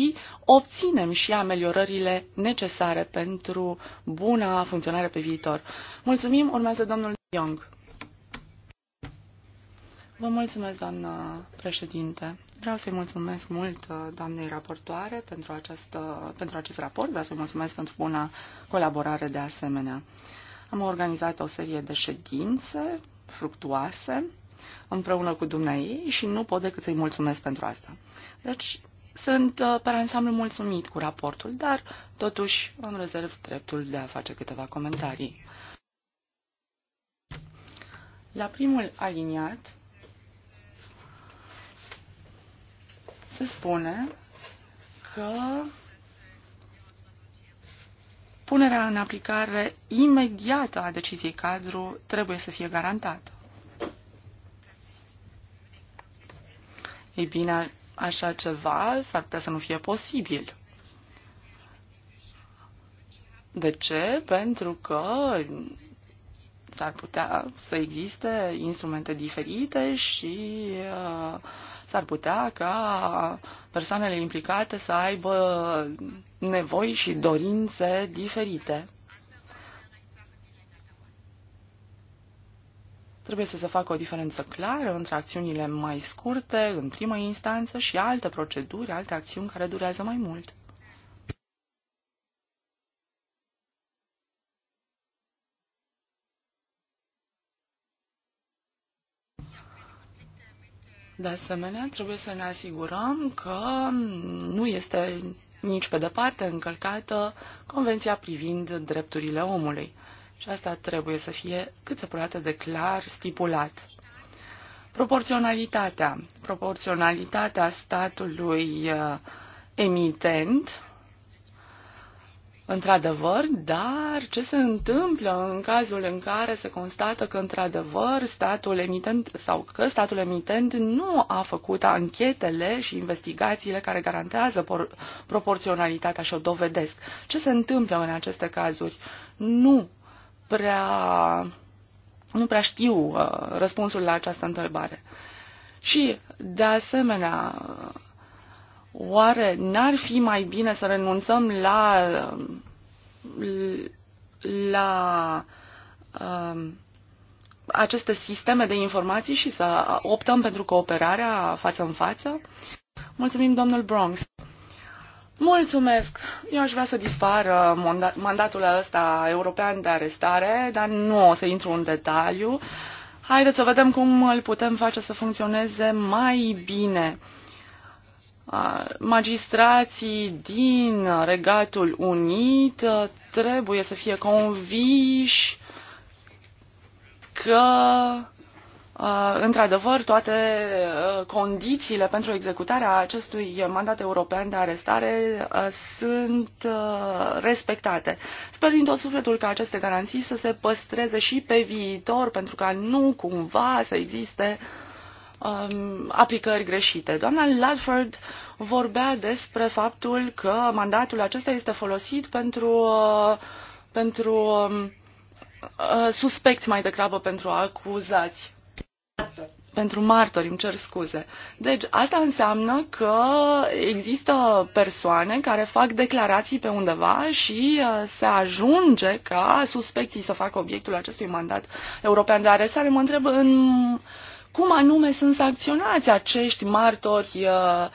obținem și ameliorările necesare pentru buna funcționare pe viitor. Mulțumim, urmează domnul Young. Vă mulțumesc, doamnă președinte. Vreau să-i mulțumesc mult uh, doamnei raportoare pentru, această, pentru acest raport, vreau să-i mulțumesc pentru buna colaborare de asemenea. Am organizat o serie de ședințe fructuoase împreună cu dumneai și nu pot decât să-i mulțumesc pentru asta. Deci, sunt uh, pe ansamblu mulțumit cu raportul, dar totuși îmi rezerv dreptul de a face câteva comentarii. La primul aliniat se spune că punerea în aplicare imediată a deciziei cadru trebuie să fie garantată. Ei bine, așa ceva s-ar putea să nu fie posibil. De ce? Pentru că s-ar putea să existe instrumente diferite și uh, s-ar putea ca persoanele implicate să aibă nevoi și dorințe diferite. Trebuie să se facă o diferență clară între acțiunile mai scurte, în primă instanță, și alte proceduri, alte acțiuni care durează mai mult. De asemenea, trebuie să ne asigurăm că nu este nici pe departe încălcată Convenția privind drepturile omului. Și asta trebuie să fie cât se poate de clar stipulat. Proporționalitatea. Proporționalitatea statului uh, emitent într-adevăr, dar ce se întâmplă în cazul în care se constată că, într-adevăr, statul emitent sau că statul emitent nu a făcut anchetele și investigațiile care garantează por- proporționalitatea și o dovedesc? Ce se întâmplă în aceste cazuri? Nu prea, nu prea știu uh, răspunsul la această întrebare. Și, de asemenea, uh, Oare n-ar fi mai bine să renunțăm la, la uh, aceste sisteme de informații și să optăm pentru cooperarea față în față? Mulțumim, domnul Bronx. Mulțumesc! Eu aș vrea să dispară uh, mandatul ăsta european de arestare, dar nu o să intru în detaliu. Haideți să vedem cum îl putem face să funcționeze mai bine magistrații din Regatul Unit uh, trebuie să fie conviși că uh, într-adevăr toate uh, condițiile pentru executarea acestui mandat european de arestare sunt respectate. Sper din tot sufletul că aceste garanții să se păstreze și pe viitor pentru ca nu cumva să existe uh, um, aplicări greșite. Doamna Ludford vorbea despre faptul că mandatul acesta este folosit pentru, uh, pentru um, uh, suspecți mai degrabă pentru acuzați. Pentru martori, îmi cer scuze. Deci, asta înseamnă că există persoane care fac declarații pe undeva și uh, se ajunge ca suspecții să facă obiectul acestui mandat european de arestare. Mă întreb în cum anume sunt sancționați acești martori uh,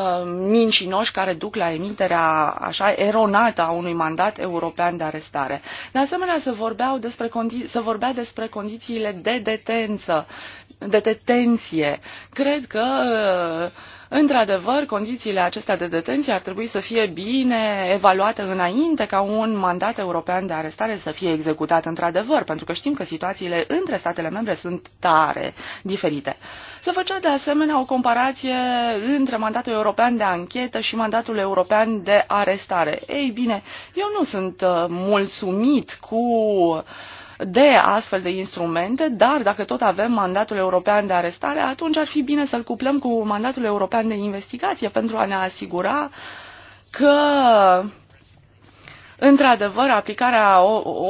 uh, mincinoși care duc la emiterea așa eronată a unui mandat european de arestare. De asemenea, se, vorbeau despre se vorbea despre condițiile de detență, de detenție. Cred că uh, Într-adevăr, condițiile acestea de detenție ar trebui să fie bine evaluate înainte ca un mandat european de arestare să fie executat într-adevăr, pentru că știm că situațiile între statele membre sunt tare diferite. Se făcea de asemenea o comparație între mandatul european de anchetă și mandatul european de arestare. Ei bine, eu nu sunt uh, mulțumit cu uh, de astfel de instrumente, dar dacă tot avem mandatul european de arestare, atunci ar fi bine să-l cuplăm cu mandatul european de investigație pentru a ne asigura că într-adevăr, aplicarea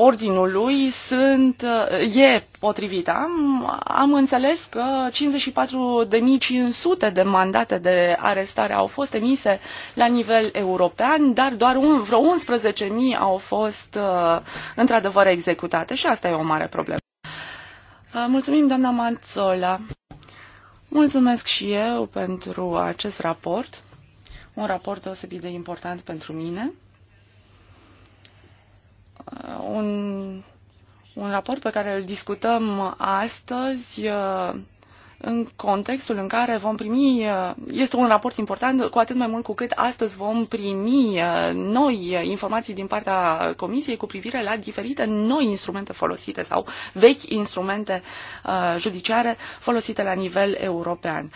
ordinului sunt, e potrivită. Am, am înțeles că 54.500 de mandate de arestare au fost emise la nivel european, dar doar un, vreo 11.000 au fost, uh, într-adevăr, executate și asta e o mare problemă. Uh, mulțumim, doamna Manzola. Mulțumesc și eu pentru acest raport, un raport deosebit de important pentru mine un, un raport pe care îl discutăm astăzi uh, în contextul în care vom primi, uh, este un raport important, cu atât mai mult cu cât astăzi vom primi uh, noi informații din partea Comisiei cu privire la diferite noi instrumente folosite sau vechi instrumente judiciare folosite la nivel european.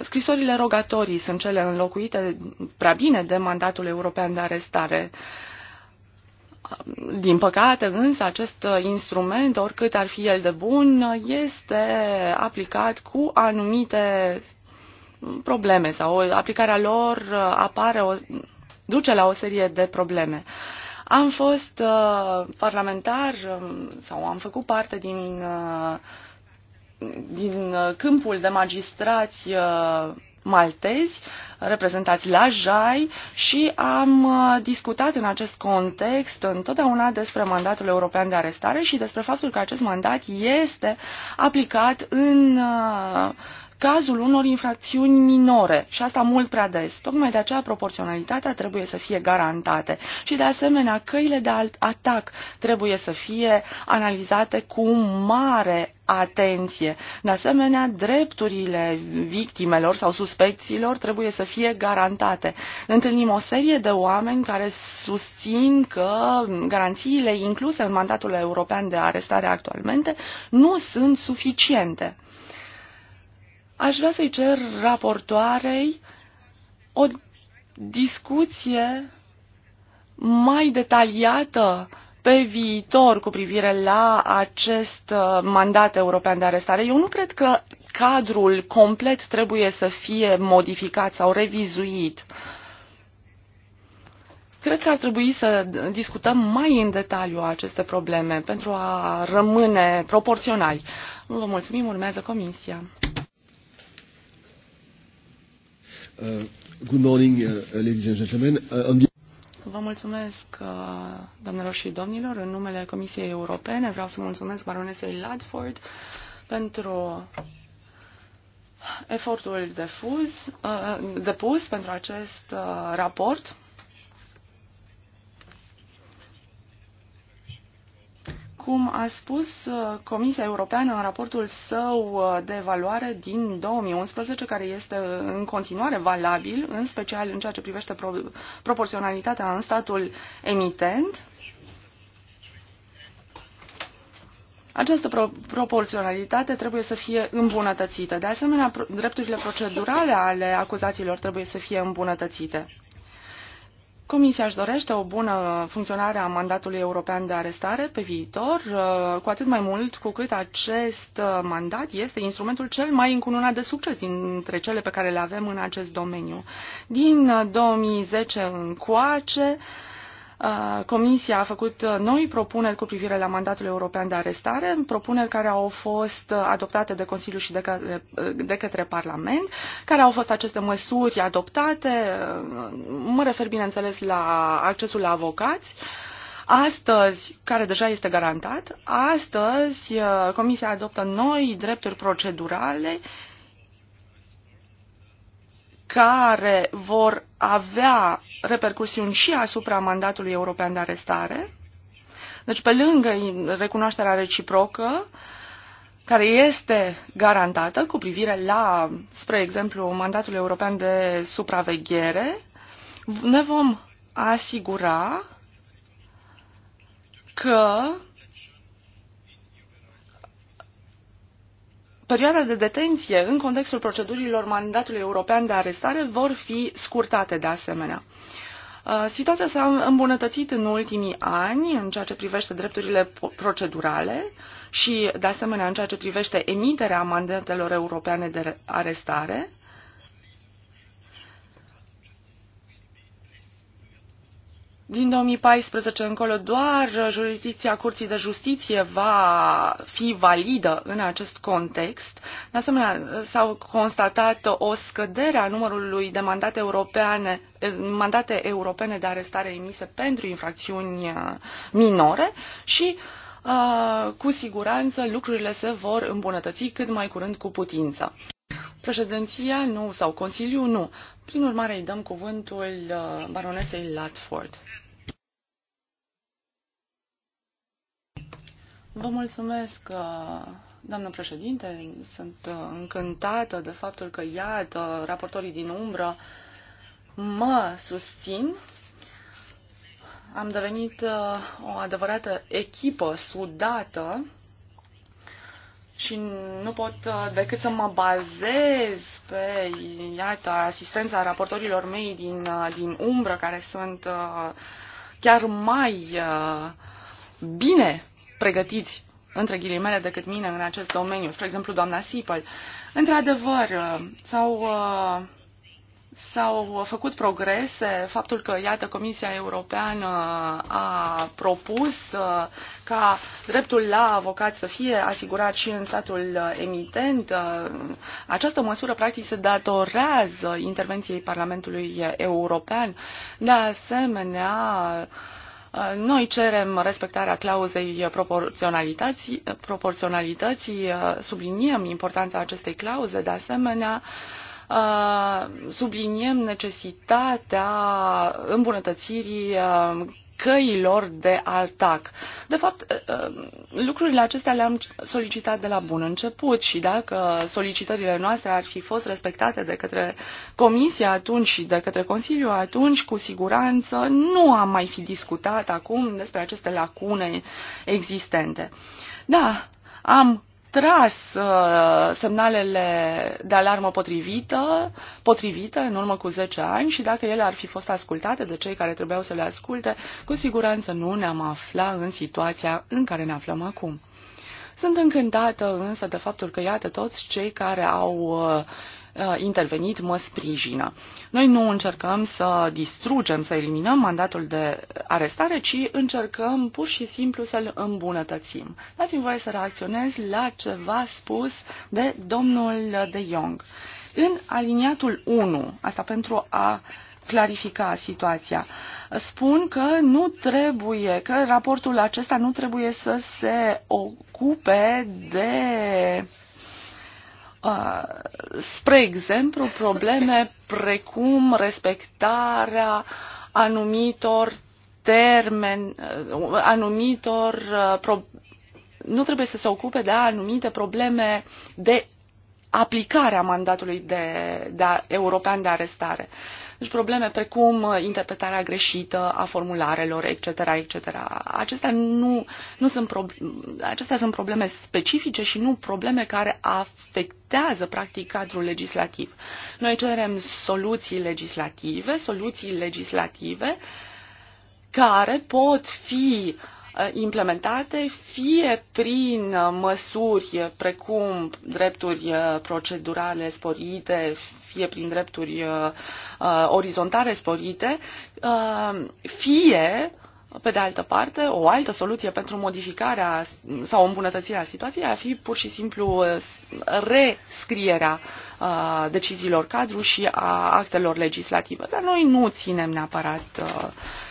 Scrisorile rogatorii sunt cele înlocuite prea bine de mandatul european de arestare. Din păcate, însă, acest instrument, oricât ar fi el de bun, este aplicat cu anumite probleme sau aplicarea lor apare o, duce la o serie de probleme. Am fost uh, parlamentar um, sau am făcut parte din, uh, din uh, câmpul de magistrați uh, maltezi reprezentați la JAI și am uh, discutat în acest context întotdeauna despre mandatul european de arestare și despre faptul că acest mandat este aplicat în uh, cazul unor infracțiuni minore și asta mult prea des. Tocmai de aceea proporționalitatea trebuie să fie garantate și de asemenea căile de alt atac trebuie să fie analizate cu mare atenție. De asemenea, drepturile victimelor sau suspecțiilor trebuie să fie garantate. Întâlnim o serie de oameni care susțin că garanțiile incluse în mandatul european de arestare actualmente nu sunt suficiente. Aș vrea să-i cer raportoarei o discuție mai detaliată pe viitor cu privire la acest uh, mandat european de arestare. Eu nu cred că cadrul complet trebuie să fie modificat sau revizuit. Cred că ar trebui să discutăm mai în detaliu aceste probleme pentru a rămâne proporționali. Vă mulțumim, urmează Comisia. Uh, good morning, uh, uh, ladies and gentlemen. Vă mulțumesc, doamnelor și domnilor. În numele Comisiei Europene vreau să mulțumesc baronesei Ladford pentru efortul defuz, depus pentru acest raport cum a spus uh, Comisia Europeană în raportul său uh, de evaluare din 2011, care este uh, în continuare valabil, în special în ceea ce privește pro proporționalitatea în statul emitent, Această pro proporționalitate trebuie să fie îmbunătățită. De asemenea, drepturile procedurale ale acuzațiilor trebuie să fie îmbunătățite. Comisia își dorește o bună funcționare a mandatului european de arestare pe viitor, uh, cu atât mai mult cu cât acest uh, mandat este instrumentul cel mai încununat de succes dintre cele pe care le avem în acest domeniu. Din 2010 uh, încoace, Comisia a făcut uh, noi propuneri cu privire la mandatul european de arestare, propuneri care au fost uh, adoptate de Consiliu și de către, uh, de către Parlament, care au fost aceste măsuri adoptate, mă refer bineînțeles la accesul la avocați, Astăzi, care deja este garantat, astăzi Comisia adoptă noi drepturi procedurale uh, care vor avea repercusiuni și asupra mandatului european de arestare. Deci, pe lângă recunoașterea reciprocă, care este garantată cu privire la, spre exemplu, mandatul european de supraveghere, ne vom asigura că perioada de detenție în contextul procedurilor mandatului european de arestare vor fi scurtate de asemenea. Uh, situația s-a îmbunătățit în ultimii ani în ceea ce privește drepturile procedurale și, de asemenea, în ceea ce privește emiterea mandatelor europene de arestare. Din 2014 încolo doar jurisdicția Curții de Justiție va fi validă în acest context. De asemenea, s-au constatat o scădere a numărului de mandate europene, mandate europene de arestare emise pentru infracțiuni uh, minore și uh, cu siguranță lucrurile se vor îmbunătăți cât mai curând cu putință. Președinția nu sau Consiliul nu. Prin urmare îi dăm cuvântul uh, baronesei Latford. Vă mulțumesc, uh, doamnă președinte. Sunt uh, încântată de faptul că, iată, raportorii din umbră mă susțin. Am devenit uh, o adevărată echipă sudată și nu pot decât să mă bazez pe, iată, asistența raportorilor mei din, din umbră, care sunt chiar mai bine pregătiți între ghilimele decât mine în acest domeniu, spre exemplu doamna Sipăl. Într-adevăr, s-au, uh, s-au făcut progrese, faptul că, iată, Comisia Europeană a propus uh, ca dreptul la avocat să fie asigurat și în statul emitent. Uh, această măsură, practic, se datorează intervenției Parlamentului European. De asemenea, noi cerem respectarea clauzei proporționalității, proporționalității, subliniem importanța acestei clauze, de asemenea, subliniem necesitatea îmbunătățirii căilor de altac. De fapt, ă, ă, lucrurile acestea le-am solicitat de la bun început și dacă solicitările noastre ar fi fost respectate de către Comisie atunci și de către Consiliu atunci, cu siguranță nu am mai fi discutat acum despre aceste lacune existente. Da, am tras uh, semnalele de alarmă potrivită, potrivite în urmă cu 10 ani și dacă ele ar fi fost ascultate de cei care trebuiau să le asculte, cu siguranță nu ne-am afla în situația în care ne aflăm acum. Sunt încântată însă de faptul că, iată, toți cei care au uh, Uh, intervenit mă sprijină. Noi nu încercăm să distrugem, să eliminăm mandatul de arestare, ci încercăm pur și simplu să-l îmbunătățim. Dați-mi voie să reacționez la ceva spus de domnul de Jong. În aliniatul 1, asta pentru a clarifica situația. Spun că nu trebuie, că raportul acesta nu trebuie să se ocupe de spre exemplu, probleme precum respectarea anumitor termen, anumitor pro, nu trebuie să se ocupe de anumite probleme de aplicare a mandatului de, de european de arestare. Uh, deci probleme precum uh, interpretarea greșită a formularelor, etc., etc. Acestea, nu, nu sunt pro, acestea sunt probleme specifice și nu probleme care afectează, practic, cadrul legislativ. Noi cerem soluții legislative, soluții legislative care pot fi uh, implementate fie prin uh, măsuri precum drepturi procedurale sporite, fie prin drepturi uh, uh, orizontale sporite, uh, fie pe de altă parte, o altă soluție pentru modificarea sau îmbunătățirea situației ar fi pur și simplu uh, rescrierea uh, deciziilor cadru și a actelor legislative. Dar noi nu ținem neapărat uh,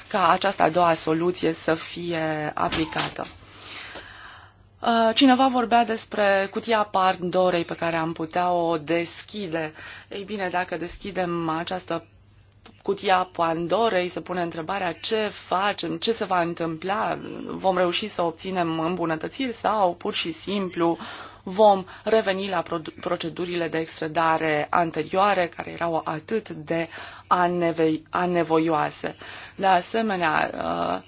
ca această a doua soluție să fie aplicată. Uh, cineva vorbea despre cutia Pandorei pe care am putea o deschide. Ei bine, dacă deschidem această cutia Pandorei, se pune întrebarea ce facem, ce se va întâmpla, vom reuși să obținem îmbunătățiri sau pur și simplu vom reveni la procedurile de extradare anterioare, care erau atât de anevoioase. De asemenea, uh,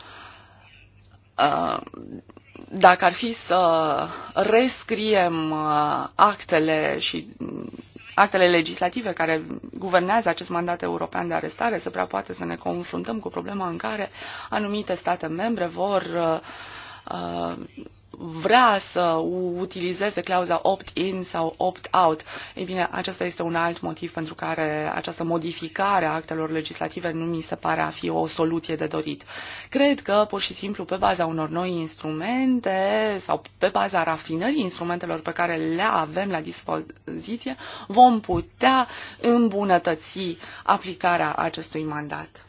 uh, dacă ar fi să rescriem uh, actele și mm, actele legislative care guvernează acest mandat european de arestare, se prea poate să ne confruntăm cu problema în care anumite state membre vor uh, uh vrea să utilizeze clauza opt-in sau opt-out. Ei bine, acesta este un alt motiv pentru care această modificare a actelor legislative nu mi se pare a fi o soluție de dorit. Cred că, pur și simplu, pe baza unor noi instrumente sau pe baza rafinării instrumentelor pe care le avem la dispoziție, vom putea îmbunătăți aplicarea acestui mandat.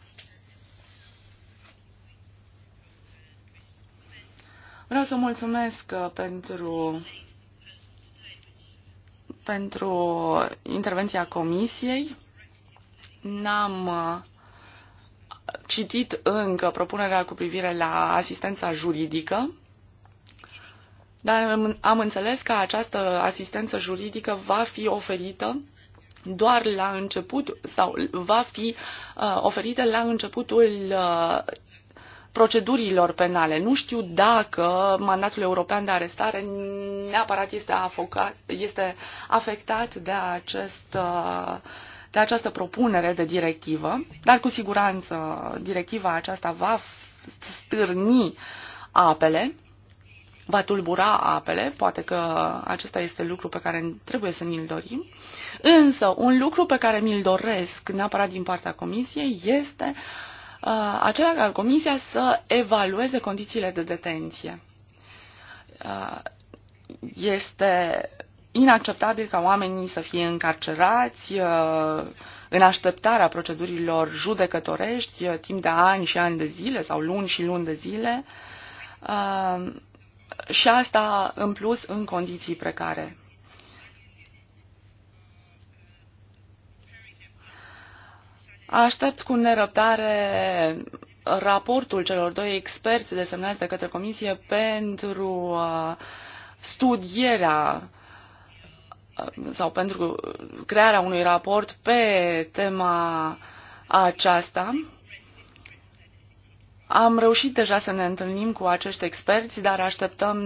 Vreau să mulțumesc uh, pentru, pentru intervenția comisiei. N-am uh, citit încă propunerea cu privire la asistența juridică, dar am înțeles că această asistență juridică va fi oferită doar la început sau va fi uh, oferită la începutul uh, procedurilor penale. Nu știu dacă mandatul european de arestare neapărat este, afocat, este afectat de, acest, uh, de această propunere de directivă, dar cu siguranță directiva aceasta va stârni apele, va tulbura apele, poate că acesta este lucru pe care trebuie să ni-l dorim, însă un lucru pe care mi-l doresc neapărat din partea Comisiei este uh, Uh, acela ca Comisia să evalueze condițiile de detenție. Uh, este inacceptabil ca oamenii să fie încarcerați uh, în așteptarea procedurilor judecătorești timp de ani și ani de zile sau luni și luni de zile și asta în plus în condiții precare. Aștept cu nerăbdare raportul celor doi experți desemnați de către Comisie pentru uh, studierea uh, sau pentru crearea unui raport pe tema aceasta. Am reușit deja să ne întâlnim cu acești experți, dar așteptăm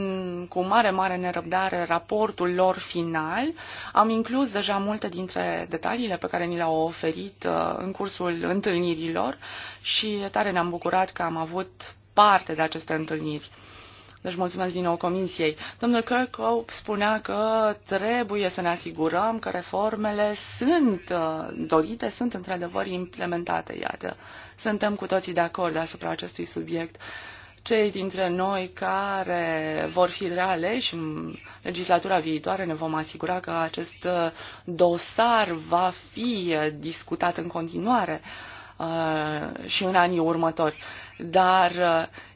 cu mare, mare nerăbdare raportul lor final. Am inclus deja multe dintre detaliile pe care ni le-au oferit uh, în cursul întâlnirilor și tare ne-am bucurat că am avut parte de aceste întâlniri. Deci mulțumesc din nou Comisiei. Domnul Kirkhope spunea că trebuie să ne asigurăm că reformele sunt uh, dorite, sunt într-adevăr implementate. Iată, suntem cu toții de acord asupra acestui subiect cei dintre noi care vor fi realeși în legislatura viitoare ne vom asigura că acest uh, dosar va fi discutat în continuare uh, și în anii următori. Dar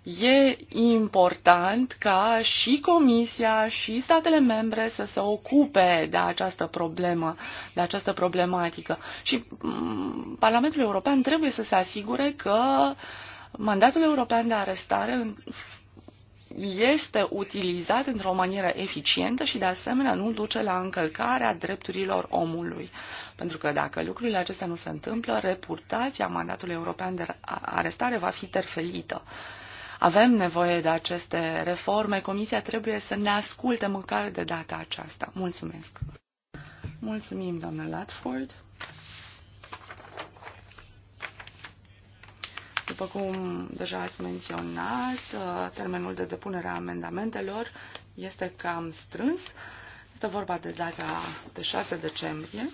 e important ca și Comisia și statele membre să se ocupe de această problemă, de această problematică. Și mm, Parlamentul European trebuie să se asigure că mandatul european de arestare este utilizat într-o manieră eficientă și, de asemenea, nu duce la încălcarea drepturilor omului. Pentru că dacă lucrurile acestea nu se întâmplă, reputația mandatului european de arestare va fi terfelită. Avem nevoie de aceste reforme. Comisia trebuie să ne asculte măcar de data aceasta. Mulțumesc! Mulțumim, doamna Latford! După cum deja ați menționat, termenul de depunere a amendamentelor este cam strâns. Este vorba de data de 6 decembrie.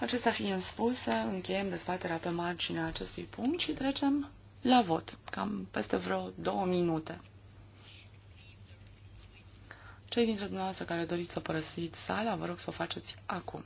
Acesta fiind spuse, încheiem dezbaterea pe marginea acestui punct și trecem la vot, cam peste vreo două minute. Cei dintre dumneavoastră care doriți să părăsiți sala, vă rog să o faceți acum.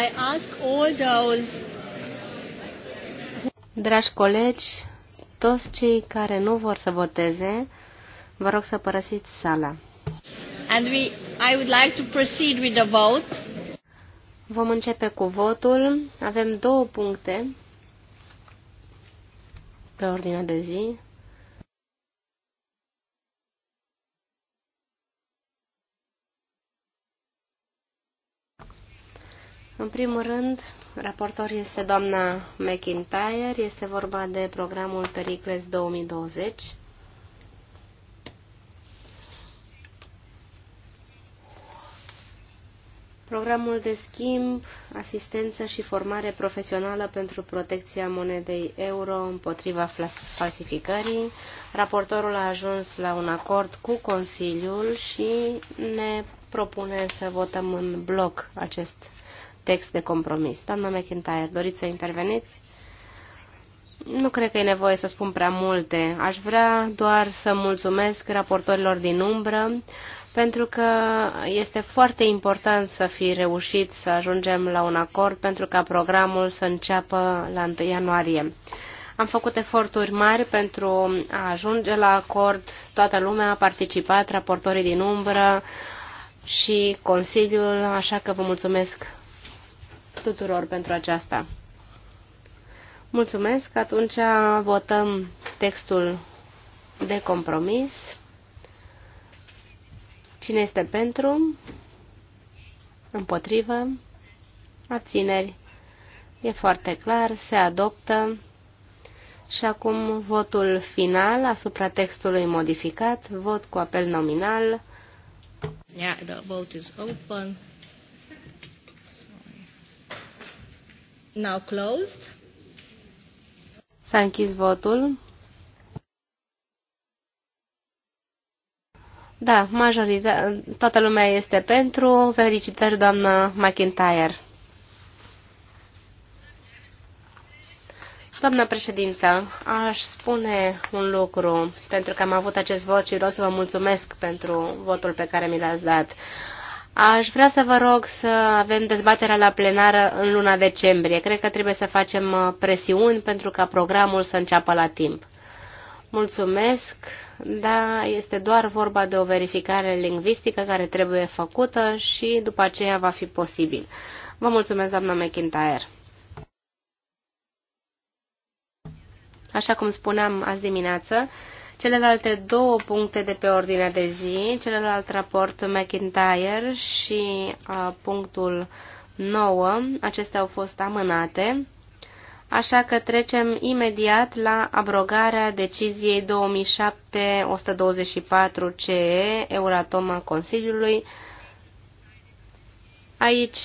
I ask all those... Dragi colegi, toți cei care nu vor să voteze, vă rog să părăsiți sala. And we, I would like to proceed with the vote. Vom începe cu votul. Avem două puncte pe ordinea de zi. În primul rând, raportor este doamna McIntyre, este vorba de programul Pericles 2020. Programul de schimb, asistență și formare profesională pentru protecția monedei euro împotriva falsificării. Raportorul a ajuns la un acord cu Consiliul și ne propune să votăm în bloc acest text de compromis. Doamna McIntyre, doriți să interveniți? Nu cred că e nevoie să spun prea multe. Aș vrea doar să mulțumesc raportorilor din umbră, pentru că este foarte important să fi reușit să ajungem la un acord pentru ca programul să înceapă la 1 ianuarie. Am făcut eforturi mari pentru a ajunge la acord. Toată lumea a participat, raportorii din umbră și Consiliul, așa că vă mulțumesc tuturor pentru aceasta. Mulțumesc, atunci votăm textul de compromis. Cine este pentru? Împotrivă? Abțineri? E foarte clar, se adoptă. Și acum votul final asupra textului modificat, vot cu apel nominal. Yeah, the vote is open. Now closed. S-a închis votul. Da, majoritatea, toată lumea este pentru. Felicitări, doamnă McIntyre. Doamnă președintă, aș spune un lucru, pentru că am avut acest vot și vreau să vă mulțumesc pentru votul pe care mi l-ați dat. Aș vrea să vă rog să avem dezbaterea la plenară în luna decembrie. Cred că trebuie să facem uh, presiuni pentru ca programul să înceapă la timp. Mulțumesc, da, este doar vorba de o verificare lingvistică care trebuie făcută și după aceea va fi posibil. Vă mulțumesc, doamna McIntyre. Așa cum spuneam azi dimineață, Celelalte două puncte de pe ordinea de zi, celălalt raport McIntyre și uh, punctul 9, acestea au fost amânate, așa că trecem imediat la abrogarea deciziei 2007-124-CE Euratoma Consiliului. Aici,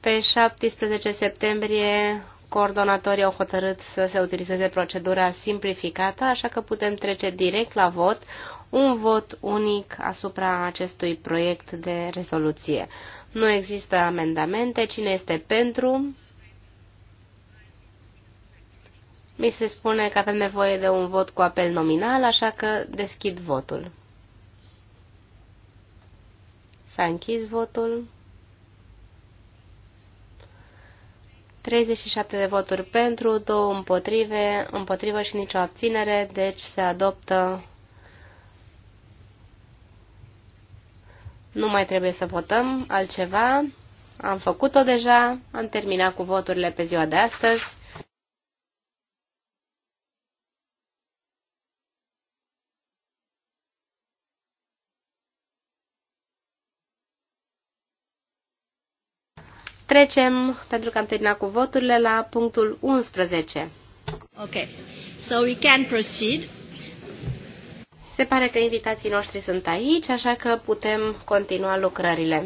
pe 17 septembrie, coordonatorii au hotărât să se utilizeze procedura simplificată, așa că putem trece direct la vot, un vot unic asupra acestui proiect de rezoluție. Nu există amendamente. Cine este pentru? Mi se spune că avem nevoie de un vot cu apel nominal, așa că deschid votul. S-a închis votul. 37 de voturi pentru, 2 împotrive, împotrivă și nicio abținere, deci se adoptă. Nu mai trebuie să votăm altceva. Am făcut-o deja, am terminat cu voturile pe ziua de astăzi. Trecem, pentru că am terminat cu voturile, la punctul 11. Ok. So we can proceed. Se pare că invitații noștri sunt aici, așa că putem continua lucrările.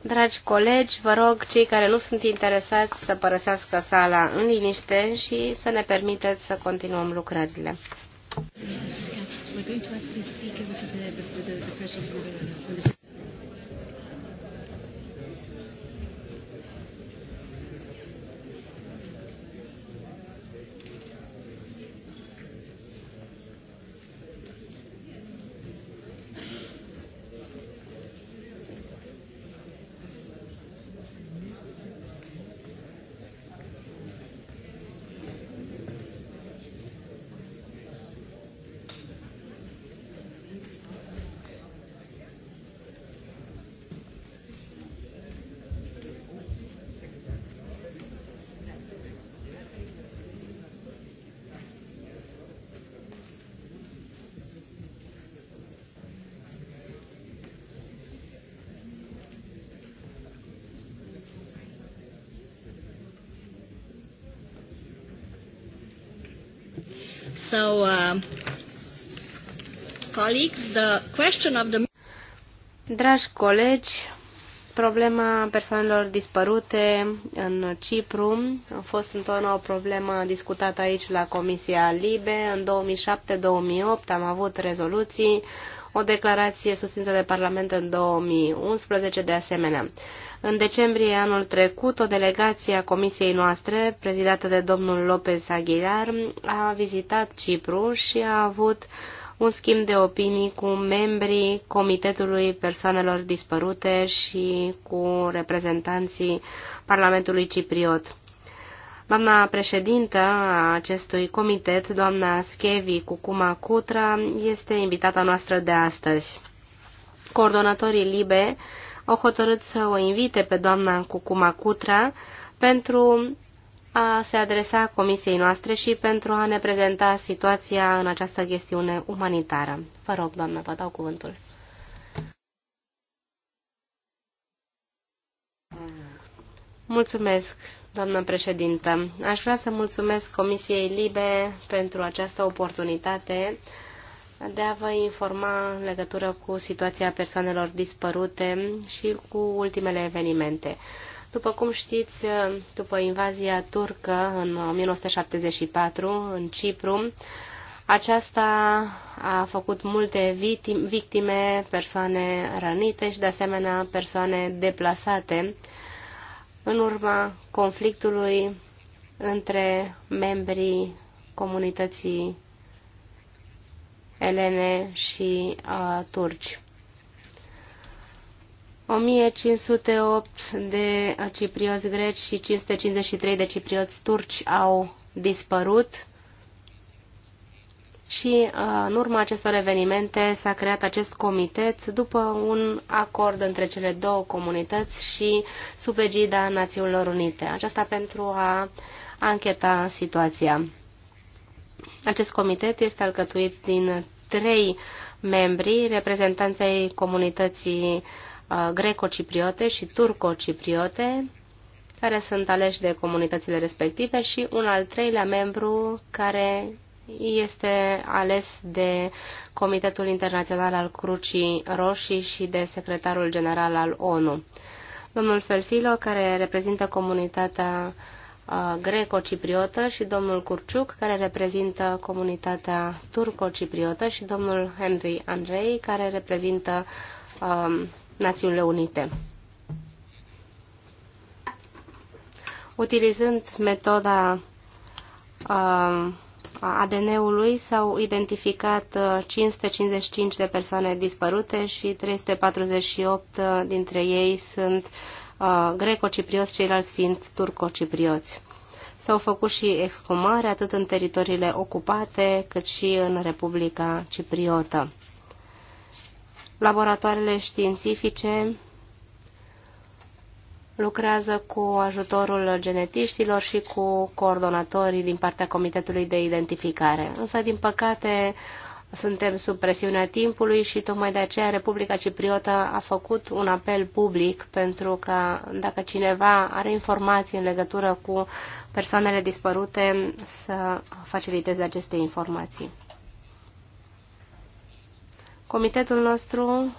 Dragi colegi, vă rog, cei care nu sunt interesați să părăsească sala în liniște și să ne permiteți să continuăm lucrările. So, uh, colleagues, the question of the... Dragi colegi, problema persoanelor dispărute în Cipru a fost întotdeauna o problemă discutată aici la Comisia Libe. În 2007-2008 am avut rezoluții o declarație susținută de Parlament în 2011 de asemenea. În decembrie anul trecut, o delegație a comisiei noastre, prezidată de domnul Lopez Aguilar, a vizitat Cipru și a avut un schimb de opinii cu membrii Comitetului Persoanelor Dispărute și cu reprezentanții Parlamentului Cipriot. Doamna președintă a acestui comitet, doamna Schevi Cucuma Cutra, este invitata noastră de astăzi. Coordonatorii LIBE au hotărât să o invite pe doamna Cucuma Cutra pentru a se adresa comisiei noastre și pentru a ne prezenta situația în această chestiune umanitară. Vă rog, doamnă, vă dau cuvântul. Mulțumesc, Doamnă președintă, aș vrea să mulțumesc Comisiei Libe pentru această oportunitate de a vă informa în legătură cu situația persoanelor dispărute și cu ultimele evenimente. După cum știți, după invazia turcă în 1974 în Cipru, aceasta a făcut multe victime, persoane rănite și de asemenea persoane deplasate în urma conflictului între membrii comunității elene și a turci. 1508 de ciprioți greci și 553 de ciprioți turci au dispărut și uh, în urma acestor evenimente s-a creat acest comitet după un acord între cele două comunități și sub egida Națiunilor Unite. Aceasta pentru a ancheta situația. Acest comitet este alcătuit din trei membri, reprezentanței comunității uh, greco-cipriote și turco-cipriote, care sunt aleși de comunitățile respective și un al treilea membru care este ales de Comitetul Internațional al Crucii Roșii și de Secretarul General al ONU. Domnul Felfilo, care reprezintă comunitatea uh, greco-cipriotă și domnul Curciuc, care reprezintă comunitatea turco-cipriotă și domnul Henry Andrei, care reprezintă um, Națiunile Unite. Utilizând metoda um, ADN-ului s-au identificat 555 uh, de persoane dispărute și 348 uh, dintre ei sunt uh, greco-ciprioți, ceilalți fiind turco-ciprioți. S-au făcut și excumări atât în teritoriile ocupate cât și în Republica Cipriotă. Laboratoarele științifice lucrează cu ajutorul genetiștilor și cu coordonatorii din partea Comitetului de Identificare. Însă, din păcate, suntem sub presiunea timpului și tocmai de aceea Republica Cipriotă a făcut un apel public pentru că dacă cineva are informații în legătură cu persoanele dispărute să faciliteze aceste informații. Comitetul nostru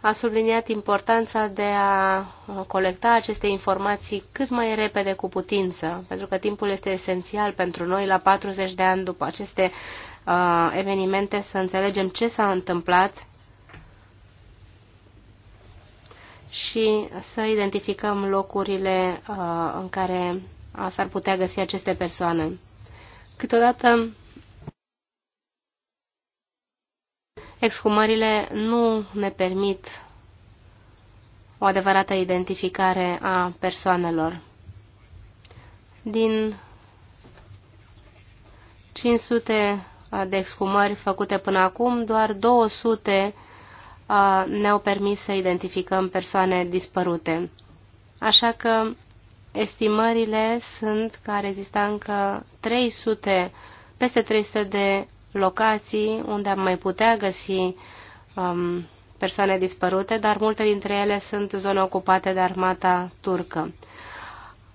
a subliniat importanța de a colecta aceste informații cât mai repede cu putință, pentru că timpul este esențial pentru noi la 40 de ani după aceste uh, evenimente să înțelegem ce s-a întâmplat și să identificăm locurile uh, în care s-ar putea găsi aceste persoane. Câteodată Exhumările nu ne permit o adevărată identificare a persoanelor. Din 500 de exhumări făcute până acum, doar 200 ne-au permis să identificăm persoane dispărute. Așa că estimările sunt că ar exista încă 300, peste 300 de locații unde am mai putea găsi um, persoane dispărute, dar multe dintre ele sunt zone ocupate de armata turcă.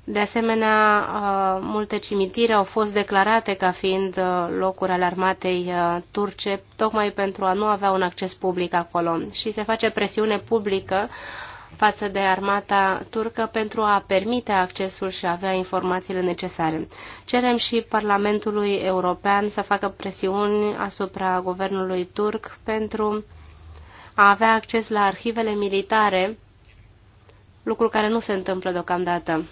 De asemenea, uh, multe cimitire au fost declarate ca fiind uh, locuri ale armatei uh, turce, tocmai pentru a nu avea un acces public acolo. Și se face presiune publică față de armata turcă pentru a permite accesul și a avea informațiile necesare. Cerem și Parlamentului European să facă presiuni asupra guvernului turc pentru a avea acces la arhivele militare, lucru care nu se întâmplă deocamdată.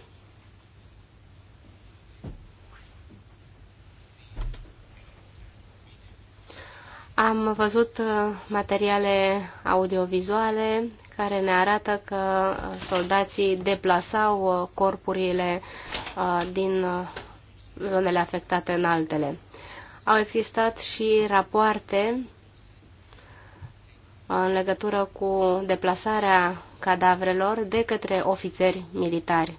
Am văzut uh, materiale audiovizuale care ne arată că uh, soldații deplasau uh, corpurile uh, din zonele afectate în altele. Au existat și rapoarte în legătură cu deplasarea cadavrelor de către ofițeri militari.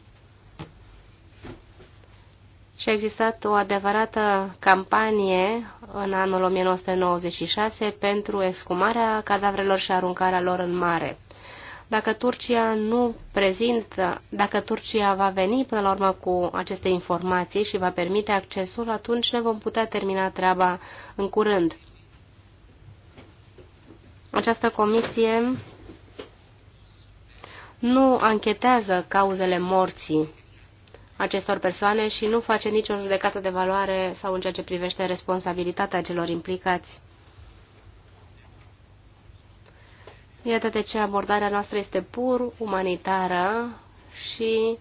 Și a existat o adevărată campanie în anul 1996 pentru escumarea cadavrelor și aruncarea lor în mare. Dacă Turcia nu prezintă, dacă Turcia va veni până la urmă cu aceste informații și va permite accesul, atunci ne vom putea termina treaba în curând. Această comisie nu anchetează cauzele morții acestor persoane și nu face nicio judecată de valoare sau în ceea ce privește responsabilitatea celor implicați. Iată de ce abordarea noastră este pur umanitară și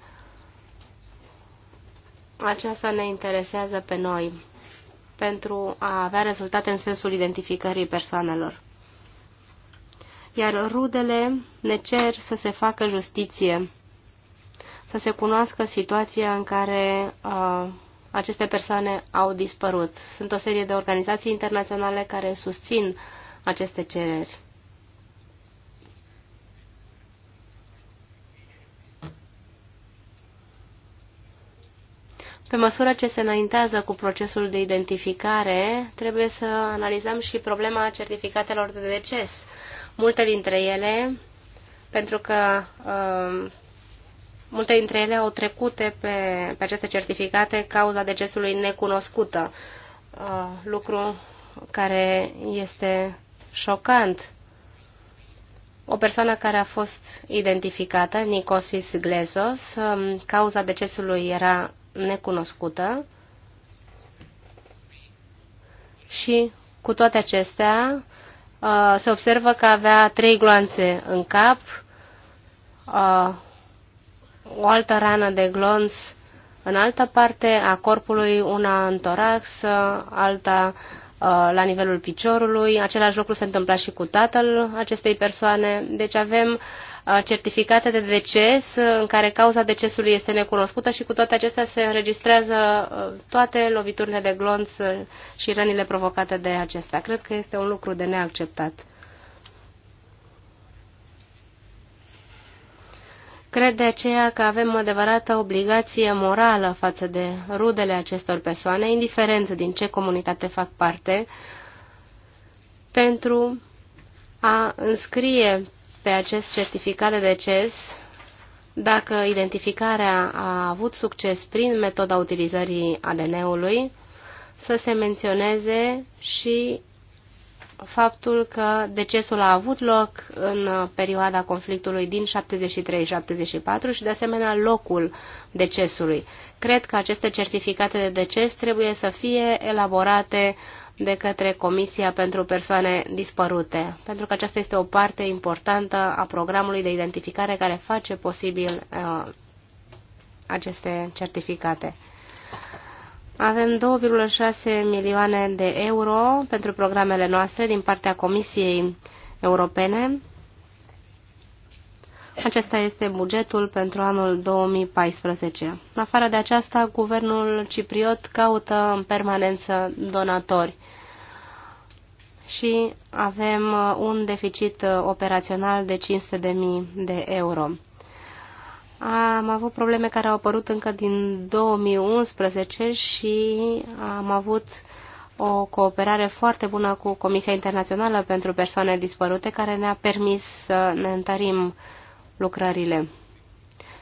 aceasta ne interesează pe noi pentru a avea rezultate în sensul identificării persoanelor. Iar rudele ne cer să se facă justiție, să se cunoască situația în care uh, aceste persoane au dispărut. Sunt o serie de organizații internaționale care susțin aceste cereri. Pe măsură ce se înaintează cu procesul de identificare, trebuie să analizăm și problema certificatelor de deces. Multe dintre ele, pentru că uh, multe dintre ele au trecute pe, pe aceste certificate cauza decesului necunoscută, uh, lucru care este șocant. O persoană care a fost identificată, Nicosis Glezos, um, cauza decesului era necunoscută și cu toate acestea uh, se observă că avea trei gloanțe în cap, uh, o altă rană de glonț în altă parte a corpului, una în torax, alta uh, la nivelul piciorului. Același lucru se întâmpla și cu tatăl acestei persoane. Deci avem uh, certificate de deces în care cauza decesului este necunoscută și cu toate acestea se înregistrează toate loviturile de glonț și rănile provocate de acesta. Cred că este un lucru de neacceptat. Cred de aceea că avem o adevărată obligație morală față de rudele acestor persoane, indiferent din ce comunitate fac parte, pentru a înscrie pe acest certificat de deces dacă identificarea a avut succes prin metoda utilizării ADN-ului, să se menționeze și faptul că decesul a avut loc în perioada conflictului din 73-74 și de asemenea locul decesului. Cred că aceste certificate de deces trebuie să fie elaborate de către Comisia pentru Persoane Dispărute, pentru că aceasta este o parte importantă a programului de identificare care face posibil uh, aceste certificate. Avem 2,6 milioane de euro pentru programele noastre din partea Comisiei Europene acesta este bugetul pentru anul 2014. În afară de aceasta, guvernul cipriot caută în permanență donatori și avem uh, un deficit uh, operațional de 500.000 de euro. Am avut probleme care au apărut încă din 2011 și am avut o cooperare foarte bună cu Comisia Internațională pentru Persoane Dispărute, care ne-a permis să ne întărim uh, lucrările.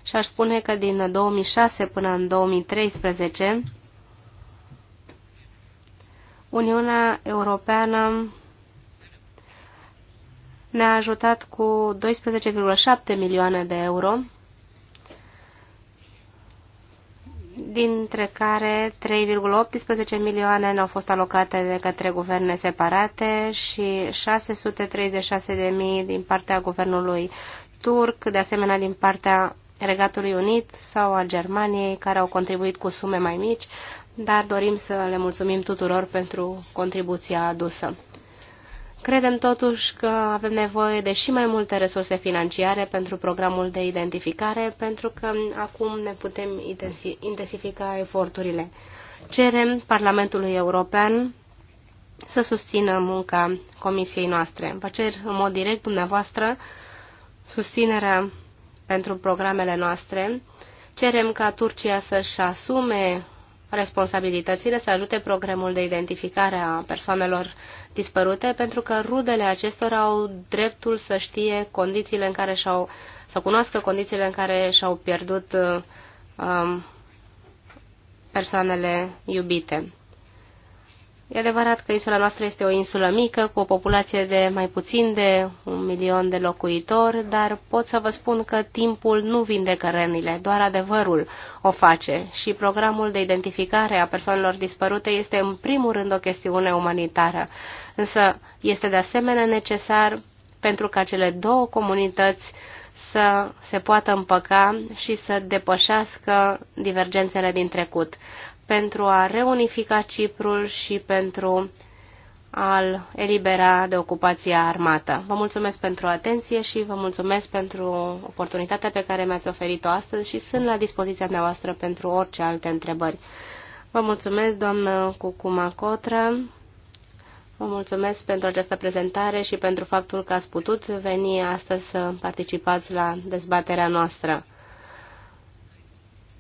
Și aș spune că din 2006 până în 2013, Uniunea Europeană ne-a ajutat cu 12,7 milioane de euro, dintre care 3,18 milioane ne-au fost alocate de către guverne separate și 636.000 din partea guvernului turc, de asemenea din partea Regatului Unit sau a Germaniei, care au contribuit cu sume mai mici, dar dorim să le mulțumim tuturor pentru contribuția adusă. Credem totuși că avem nevoie de și mai multe resurse financiare pentru programul de identificare, pentru că acum ne putem intensifica eforturile. Cerem Parlamentului European să susțină munca comisiei noastre. Vă cer în mod direct dumneavoastră susținerea pentru programele noastre. Cerem ca Turcia să-și asume responsabilitățile, să ajute programul de identificare a persoanelor dispărute, pentru că rudele acestora au dreptul să știe condițiile în care și-au, să cunoască condițiile în care și-au pierdut um, persoanele iubite. E adevărat că insula noastră este o insulă mică, cu o populație de mai puțin de un milion de locuitori, dar pot să vă spun că timpul nu vindecă rănile, doar adevărul o face și programul de identificare a persoanelor dispărute este în primul rând o chestiune umanitară, însă este de asemenea necesar pentru ca cele două comunități să se poată împăca și să depășească divergențele din trecut pentru a reunifica Ciprul și pentru a-l elibera de ocupația armată. Vă mulțumesc pentru atenție și vă mulțumesc pentru oportunitatea pe care mi-ați oferit-o astăzi și sunt la dispoziția noastră pentru orice alte întrebări. Vă mulțumesc, doamnă Cucuma Cotră. Vă mulțumesc pentru această prezentare și pentru faptul că ați putut veni astăzi să participați la dezbaterea noastră.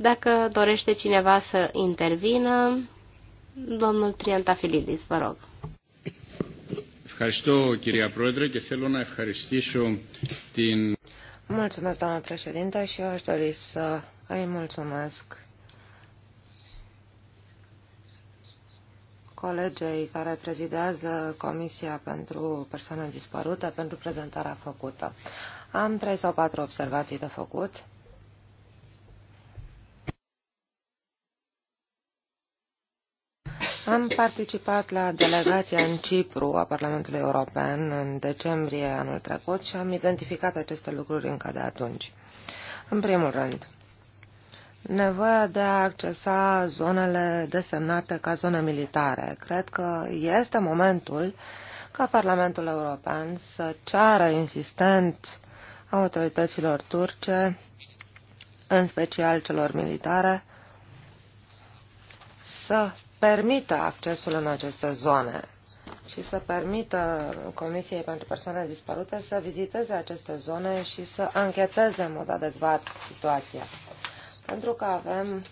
Dacă dorește cineva să intervină, domnul Triantafilidis, vă rog. Mulțumesc, doamnă președintă, și eu aș dori să îi mulțumesc colegei care prezidează Comisia pentru Persoane Dispărute pentru prezentarea făcută. Am trei sau patru observații de făcut. Am participat la delegația în Cipru a Parlamentului European în decembrie anul trecut și am identificat aceste lucruri încă de atunci. În primul rând, nevoia de a accesa zonele desemnate ca zone militare. Cred că este momentul ca Parlamentul European să ceară insistent autorităților turce, în special celor militare, să permită accesul în aceste zone și să permită Comisiei pentru Persoane Dispărute să viziteze aceste zone și să ancheteze în mod adecvat situația. Pentru că avem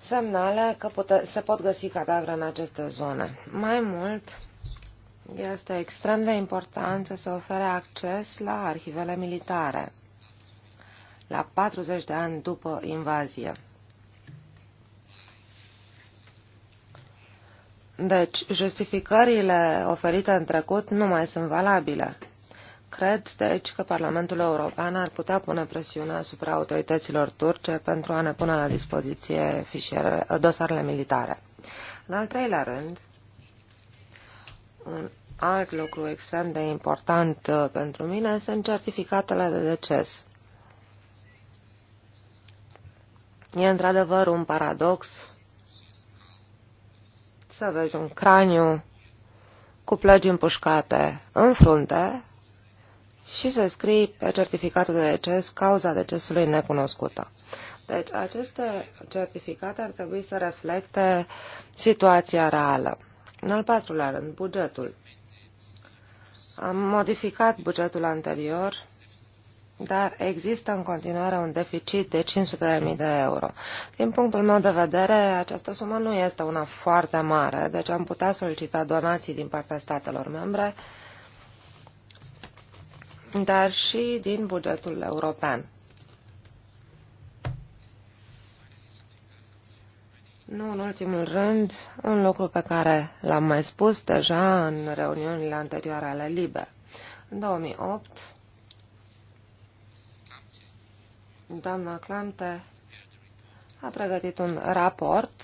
semnale că pute, se pot găsi cadavre în aceste zone. Mai mult, este extrem de important să se ofere acces la arhivele militare la 40 de ani după invazie. Deci, justificările oferite în trecut nu mai sunt valabile. Cred, deci, că Parlamentul European ar putea pune presiune asupra autorităților turce pentru a ne pune la dispoziție fișiere, dosarele militare. În al treilea rând, un alt lucru extrem de important uh, pentru mine sunt certificatele de deces. E într-adevăr un paradox să vezi un craniu cu plăgi împușcate în frunte și să scrii pe certificatul de deces cauza decesului necunoscută. Deci aceste certificate ar trebui să reflecte situația reală. În al patrulea rând, bugetul. Am modificat bugetul anterior dar există în continuare un deficit de 500.000 de euro. Din punctul meu de vedere, această sumă nu este una foarte mare, deci am putea solicita donații din partea statelor membre, dar și din bugetul european. Nu în ultimul rând, un lucru pe care l-am mai spus deja în reuniunile anterioare ale LIBE. În 2008, Doamna Clamte a pregătit un raport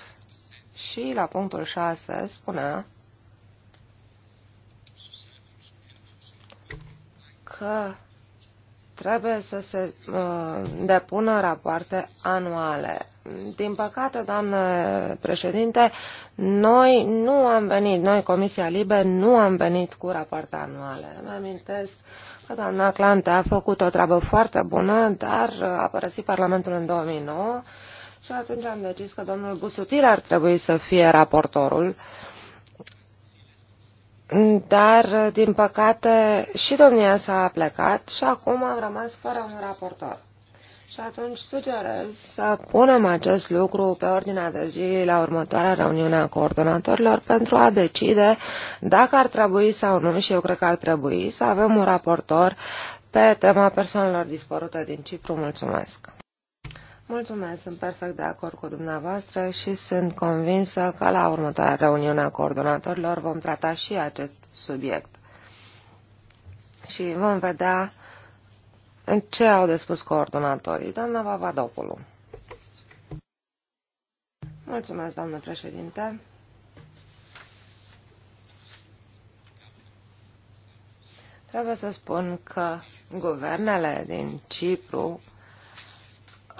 și la punctul 6 spunea că trebuie să se uh, depună rapoarte anuale. Din păcate, doamnă președinte, noi nu am venit, noi Comisia Libe nu am venit cu rapoarte anuale. Îmi amintesc uh, că doamna Clante a făcut o treabă foarte bună, dar a părăsit Parlamentul în 2009 și atunci am decis că domnul Busutil ar trebui să fie raportorul. Dar, din păcate, și domnia s-a plecat și acum am rămas fără un raportor. Și atunci sugerez să punem acest lucru pe ordinea de zi la următoarea reuniune a coordonatorilor pentru a decide dacă ar trebui sau nu, și eu cred că ar trebui, să avem un raportor pe tema persoanelor dispărute din Cipru. Mulțumesc! Mulțumesc, sunt perfect de acord cu dumneavoastră și sunt convinsă că la următoarea reuniune a coordonatorilor vom trata și acest subiect. Și vom vedea ce au de spus coordonatorii? Doamna Vavadopoulou. Mulțumesc, doamnă președinte. Trebuie să spun că guvernele din Cipru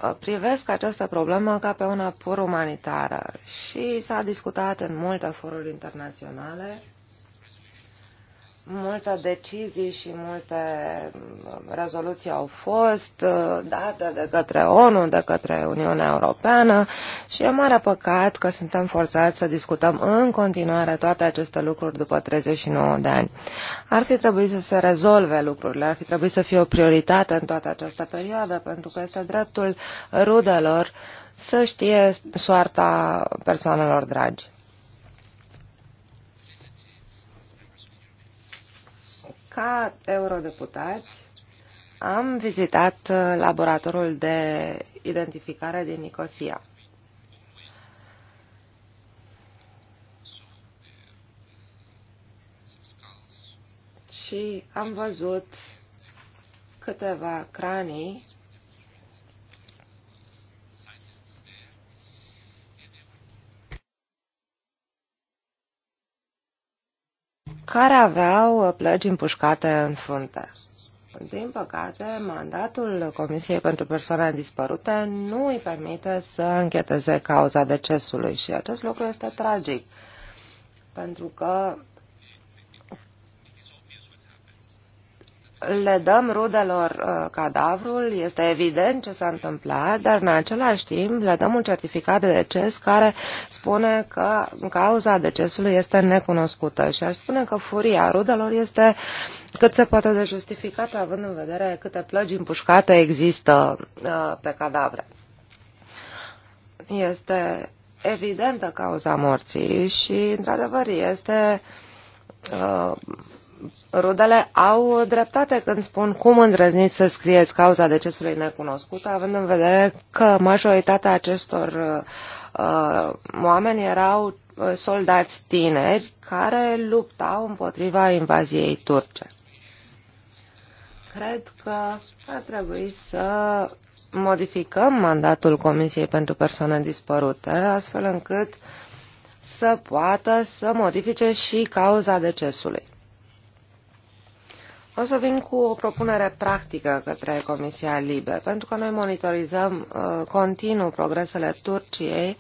uh, privesc această problemă ca pe una pur umanitară și s-a discutat în multe foruri internaționale Multe decizii și multe rezoluții au fost uh, date de către ONU, de către Uniunea Europeană și e mare păcat că suntem forțați să discutăm în continuare toate aceste lucruri după 39 de ani. Ar fi trebuit să se rezolve lucrurile, ar fi trebuit să fie o prioritate în toată această perioadă, pentru că este dreptul rudelor să știe soarta persoanelor dragi. Ca eurodeputați, am vizitat uh, laboratorul de identificare din Nicosia. Și am văzut câteva cranii care aveau uh, plăgi împușcate în frunte. Din păcate, mandatul Comisiei pentru Persoane Dispărute nu îi permite să încheteze cauza decesului și acest lucru este tragic, pentru că le dăm rudelor uh, cadavrul, este evident ce s-a întâmplat, dar în același timp le dăm un certificat de deces care spune că cauza decesului este necunoscută și aș spune că furia rudelor este cât se poate de justificată având în vedere câte plăgi împușcate există uh, pe cadavre. Este evidentă cauza morții și, într-adevăr, este uh, Rudele au dreptate când spun cum îndrăzniți să scrieți cauza decesului necunoscut, având în vedere că majoritatea acestor uh, oameni erau uh, soldați tineri care luptau împotriva invaziei turce. Cred că ar trebui să modificăm mandatul Comisiei pentru Persoane Dispărute, astfel încât să poată să modifice și cauza decesului. O să vin cu o propunere practică către Comisia Libe, pentru că noi monitorizăm uh, continuu progresele Turciei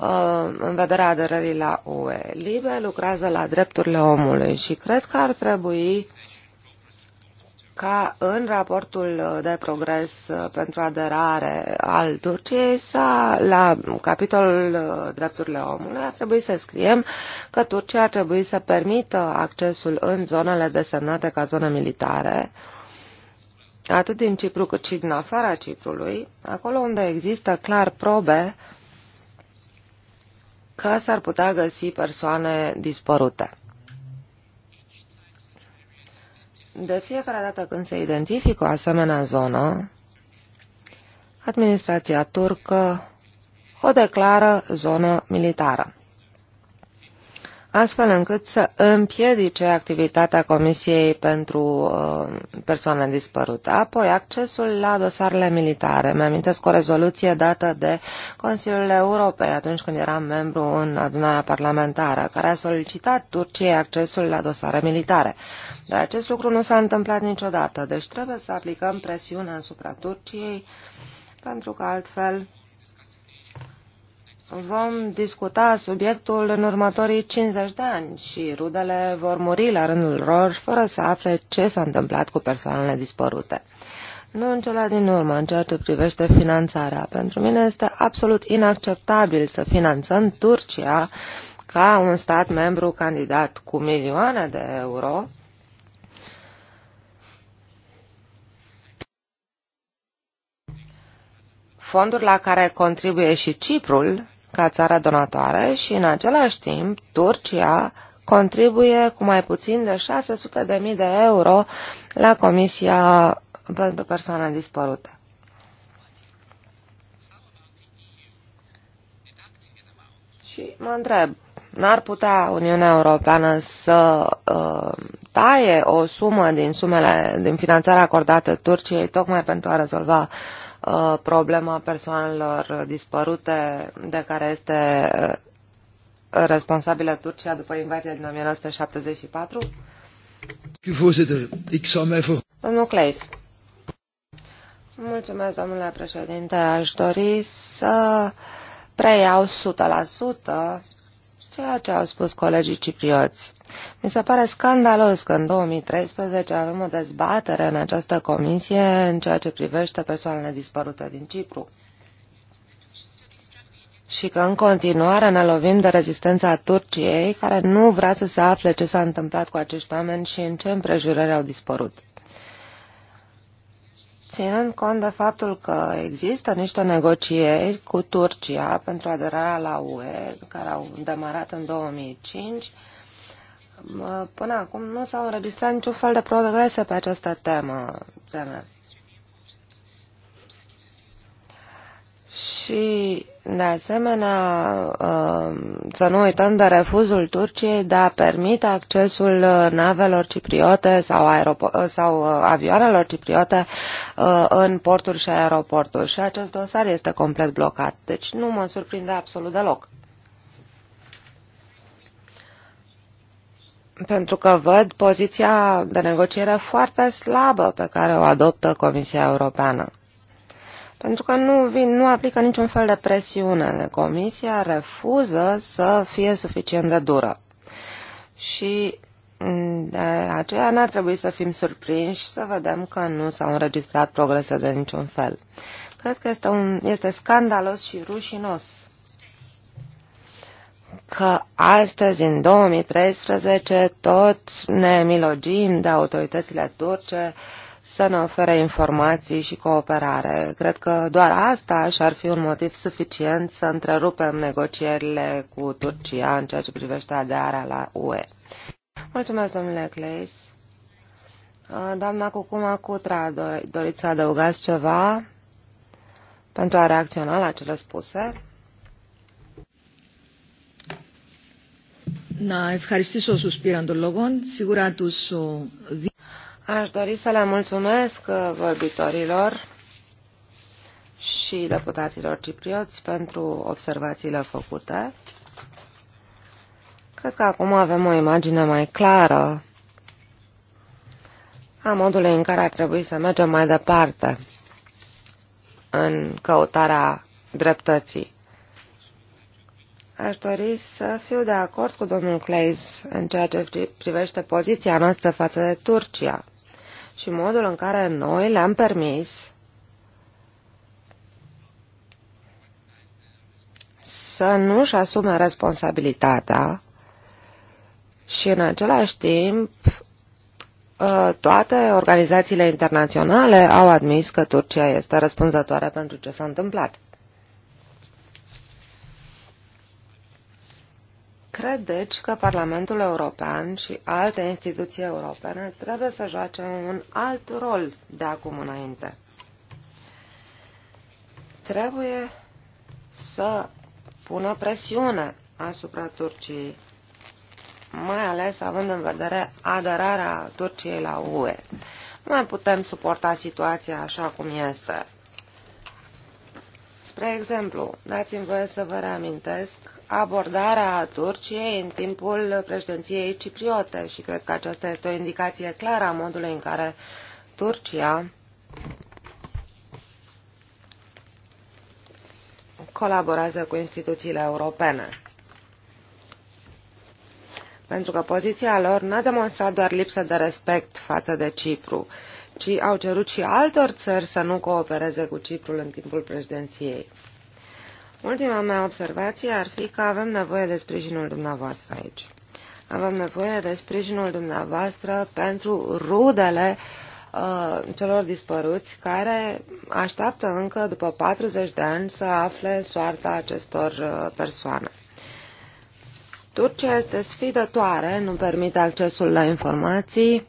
uh, în vederea aderării la UE. Libe lucrează la drepturile omului și cred că ar trebui ca în raportul de progres pentru aderare al Turciei sa, la capitolul drepturile omului ar trebui să scriem că Turcia ar trebui să permită accesul în zonele desemnate ca zone militare, atât din Cipru cât și din afara Ciprului, acolo unde există clar probe că s-ar putea găsi persoane dispărute. De fiecare dată când se identifică o asemenea zonă, administrația turcă o declară zonă militară astfel încât să împiedice activitatea Comisiei pentru uh, persoane dispărute. Apoi, accesul la dosarele militare. Mi-amintesc o rezoluție dată de Consiliul Europei atunci când eram membru în adunarea parlamentară, care a solicitat Turciei accesul la dosare militare. Dar acest lucru nu s-a întâmplat niciodată, deci trebuie să aplicăm presiune asupra Turciei, pentru că altfel vom discuta subiectul în următorii 50 de ani și rudele vor muri la rândul lor fără să afle ce s-a întâmplat cu persoanele dispărute. Nu în cele din urmă, în ceea ce privește finanțarea. Pentru mine este absolut inacceptabil să finanțăm Turcia ca un stat membru candidat cu milioane de euro, fonduri la care contribuie și Ciprul, ca țară donatoare și, în același timp, Turcia contribuie cu mai puțin de 600.000 de euro la Comisia pentru persoane dispărute. Și mă întreb, n-ar putea Uniunea Europeană să uh, taie o sumă din sumele din finanțarea acordată Turciei tocmai pentru a rezolva uh, Uh, problema persoanelor dispărute de care este uh, responsabilă Turcia după invazia din 1974? Domnul Claes. Mulțumesc, domnule președinte. Aș dori să preiau 100% ceea ce au spus colegii ciprioți. Mi se pare scandalos că în 2013 avem o dezbatere în această comisie în ceea ce privește persoanele dispărute din Cipru și că în continuare ne lovim de rezistența Turciei, care nu vrea să se afle ce s-a întâmplat cu acești oameni și în ce împrejurări au dispărut. Ținând cont de faptul că există niște negocieri cu Turcia pentru aderarea la UE, care au demarat în 2005, până acum nu s-au înregistrat niciun fel de progrese pe această temă. Teme. Și, de asemenea, uh, să nu uităm de refuzul Turciei de a permite accesul uh, navelor cipriote sau, uh, sau avioanelor cipriote în porturi și aeroporturi. Și acest dosar este complet blocat. Deci nu mă surprinde absolut deloc. pentru că văd poziția de negociere foarte slabă pe care o adoptă Comisia Europeană. Pentru că nu, vin, nu aplică niciun fel de presiune. Comisia refuză să fie suficient de dură. Și de aceea n-ar trebui să fim surprinși să vedem că nu s-au înregistrat progrese de niciun fel. Cred că este, un, este scandalos și rușinos că astăzi, în 2013, tot ne milogim de autoritățile turce să ne ofere informații și cooperare. Cred că doar asta și-ar fi un motiv suficient să întrerupem negocierile cu Turcia în ceea ce privește aderarea la UE. Mulțumesc, domnule Cleis. Doamna Cucuma Cutra, doriți să adăugați ceva pentru a reacționa la cele spuse? να ευχαριστήσω όσους πήραν τον λόγο. Σίγουρα τους... Aș dori să le mulțumesc vorbitorilor și deputaților ciprioți pentru observațiile făcute. Cred că acum avem o imagine mai clară a modului în care ar trebui să mergem mai departe în căutarea dreptății. Aș dori să fiu de acord cu domnul Claes în ceea ce privește poziția noastră față de Turcia și modul în care noi le-am permis să nu-și asume responsabilitatea și în același timp ă, toate organizațiile internaționale au admis că Turcia este răspunzătoare pentru ce s-a întâmplat. Cred, deci, că Parlamentul European și alte instituții europene trebuie să joace un alt rol de acum înainte. Trebuie să pună presiune asupra Turciei, mai ales având în vedere aderarea Turciei la UE. Nu mai putem suporta situația așa cum este. Spre exemplu, dați-mi voie să vă reamintesc abordarea Turciei în timpul președinției cipriote și cred că aceasta este o indicație clară a modului în care Turcia colaborează cu instituțiile europene. Pentru că poziția lor n-a demonstrat doar lipsă de respect față de Cipru, ci au cerut și altor țări să nu coopereze cu Ciprul în timpul președinției. Ultima mea observație ar fi că avem nevoie de sprijinul dumneavoastră aici. Avem nevoie de sprijinul dumneavoastră pentru rudele uh, celor dispăruți care așteaptă încă după 40 de ani să afle soarta acestor uh, persoane. Turcia este sfidătoare, nu permite accesul la informații,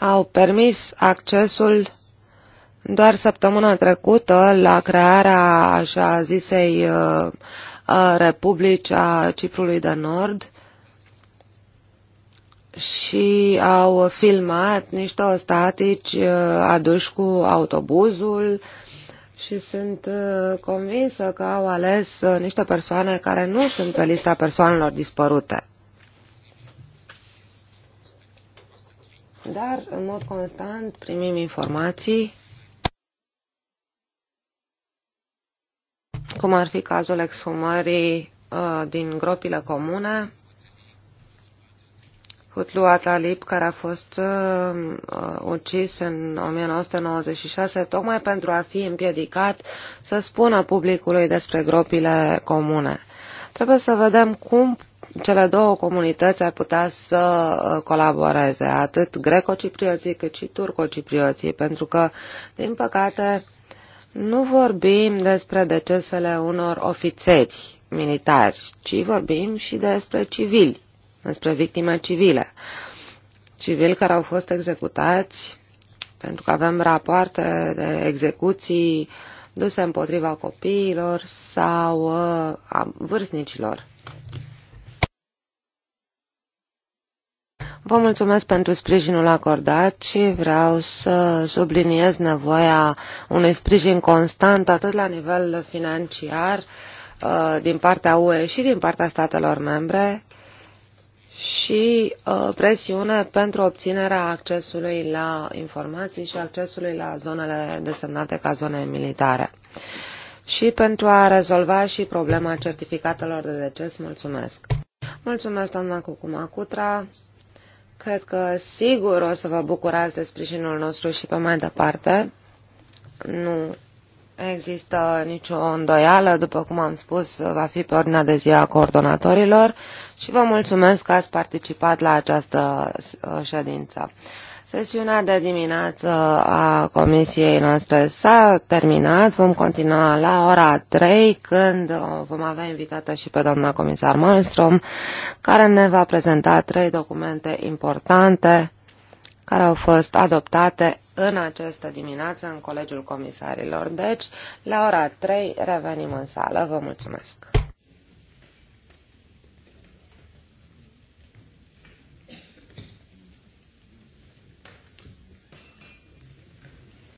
au permis accesul doar săptămâna trecută la crearea așa zisei uh, Republici a Ciprului de Nord și au filmat niște ostatici uh, aduși cu autobuzul și sunt uh, convinsă că au ales niște persoane care nu sunt pe lista persoanelor dispărute. Dar, în mod constant, primim informații, cum ar fi cazul exhumării uh, din gropile comune, Hutlu Atalip, care a fost uh, uh ucis în 1996, tocmai pentru a fi împiedicat să spună publicului despre gropile comune. Trebuie să vedem cum cele două comunități ar putea să uh, colaboreze, atât greco-ciprioții cât și turco-ciprioții, pentru că, din păcate, nu vorbim despre decesele unor ofițeri militari, ci vorbim și despre civili, despre victime civile. Civili care au fost executați, pentru că avem rapoarte de execuții uh, duse împotriva copiilor sau uh, a vârstnicilor. Vă mulțumesc pentru sprijinul acordat și vreau să subliniez nevoia unui sprijin constant atât la nivel financiar uh, din partea UE și din partea statelor membre și uh, presiune pentru obținerea accesului la informații și accesului la zonele desemnate ca zone militare. Și pentru a rezolva și problema certificatelor de deces, mulțumesc. Mulțumesc, doamna Cucuma Cutra. Cred că sigur o să vă bucurați de sprijinul nostru și pe mai departe. Nu există nicio îndoială, după cum am spus, va fi pe ordinea de zi a coordonatorilor și vă mulțumesc că ați participat la această uh, ședință. Sesiunea de dimineață a comisiei noastre s-a terminat. Vom continua la ora 3 când uh, vom avea invitată și pe doamna comisar Malmström, care ne va prezenta trei documente importante care au fost adoptate în această dimineață în Colegiul Comisarilor. Deci, la ora 3 revenim în sală. Vă mulțumesc!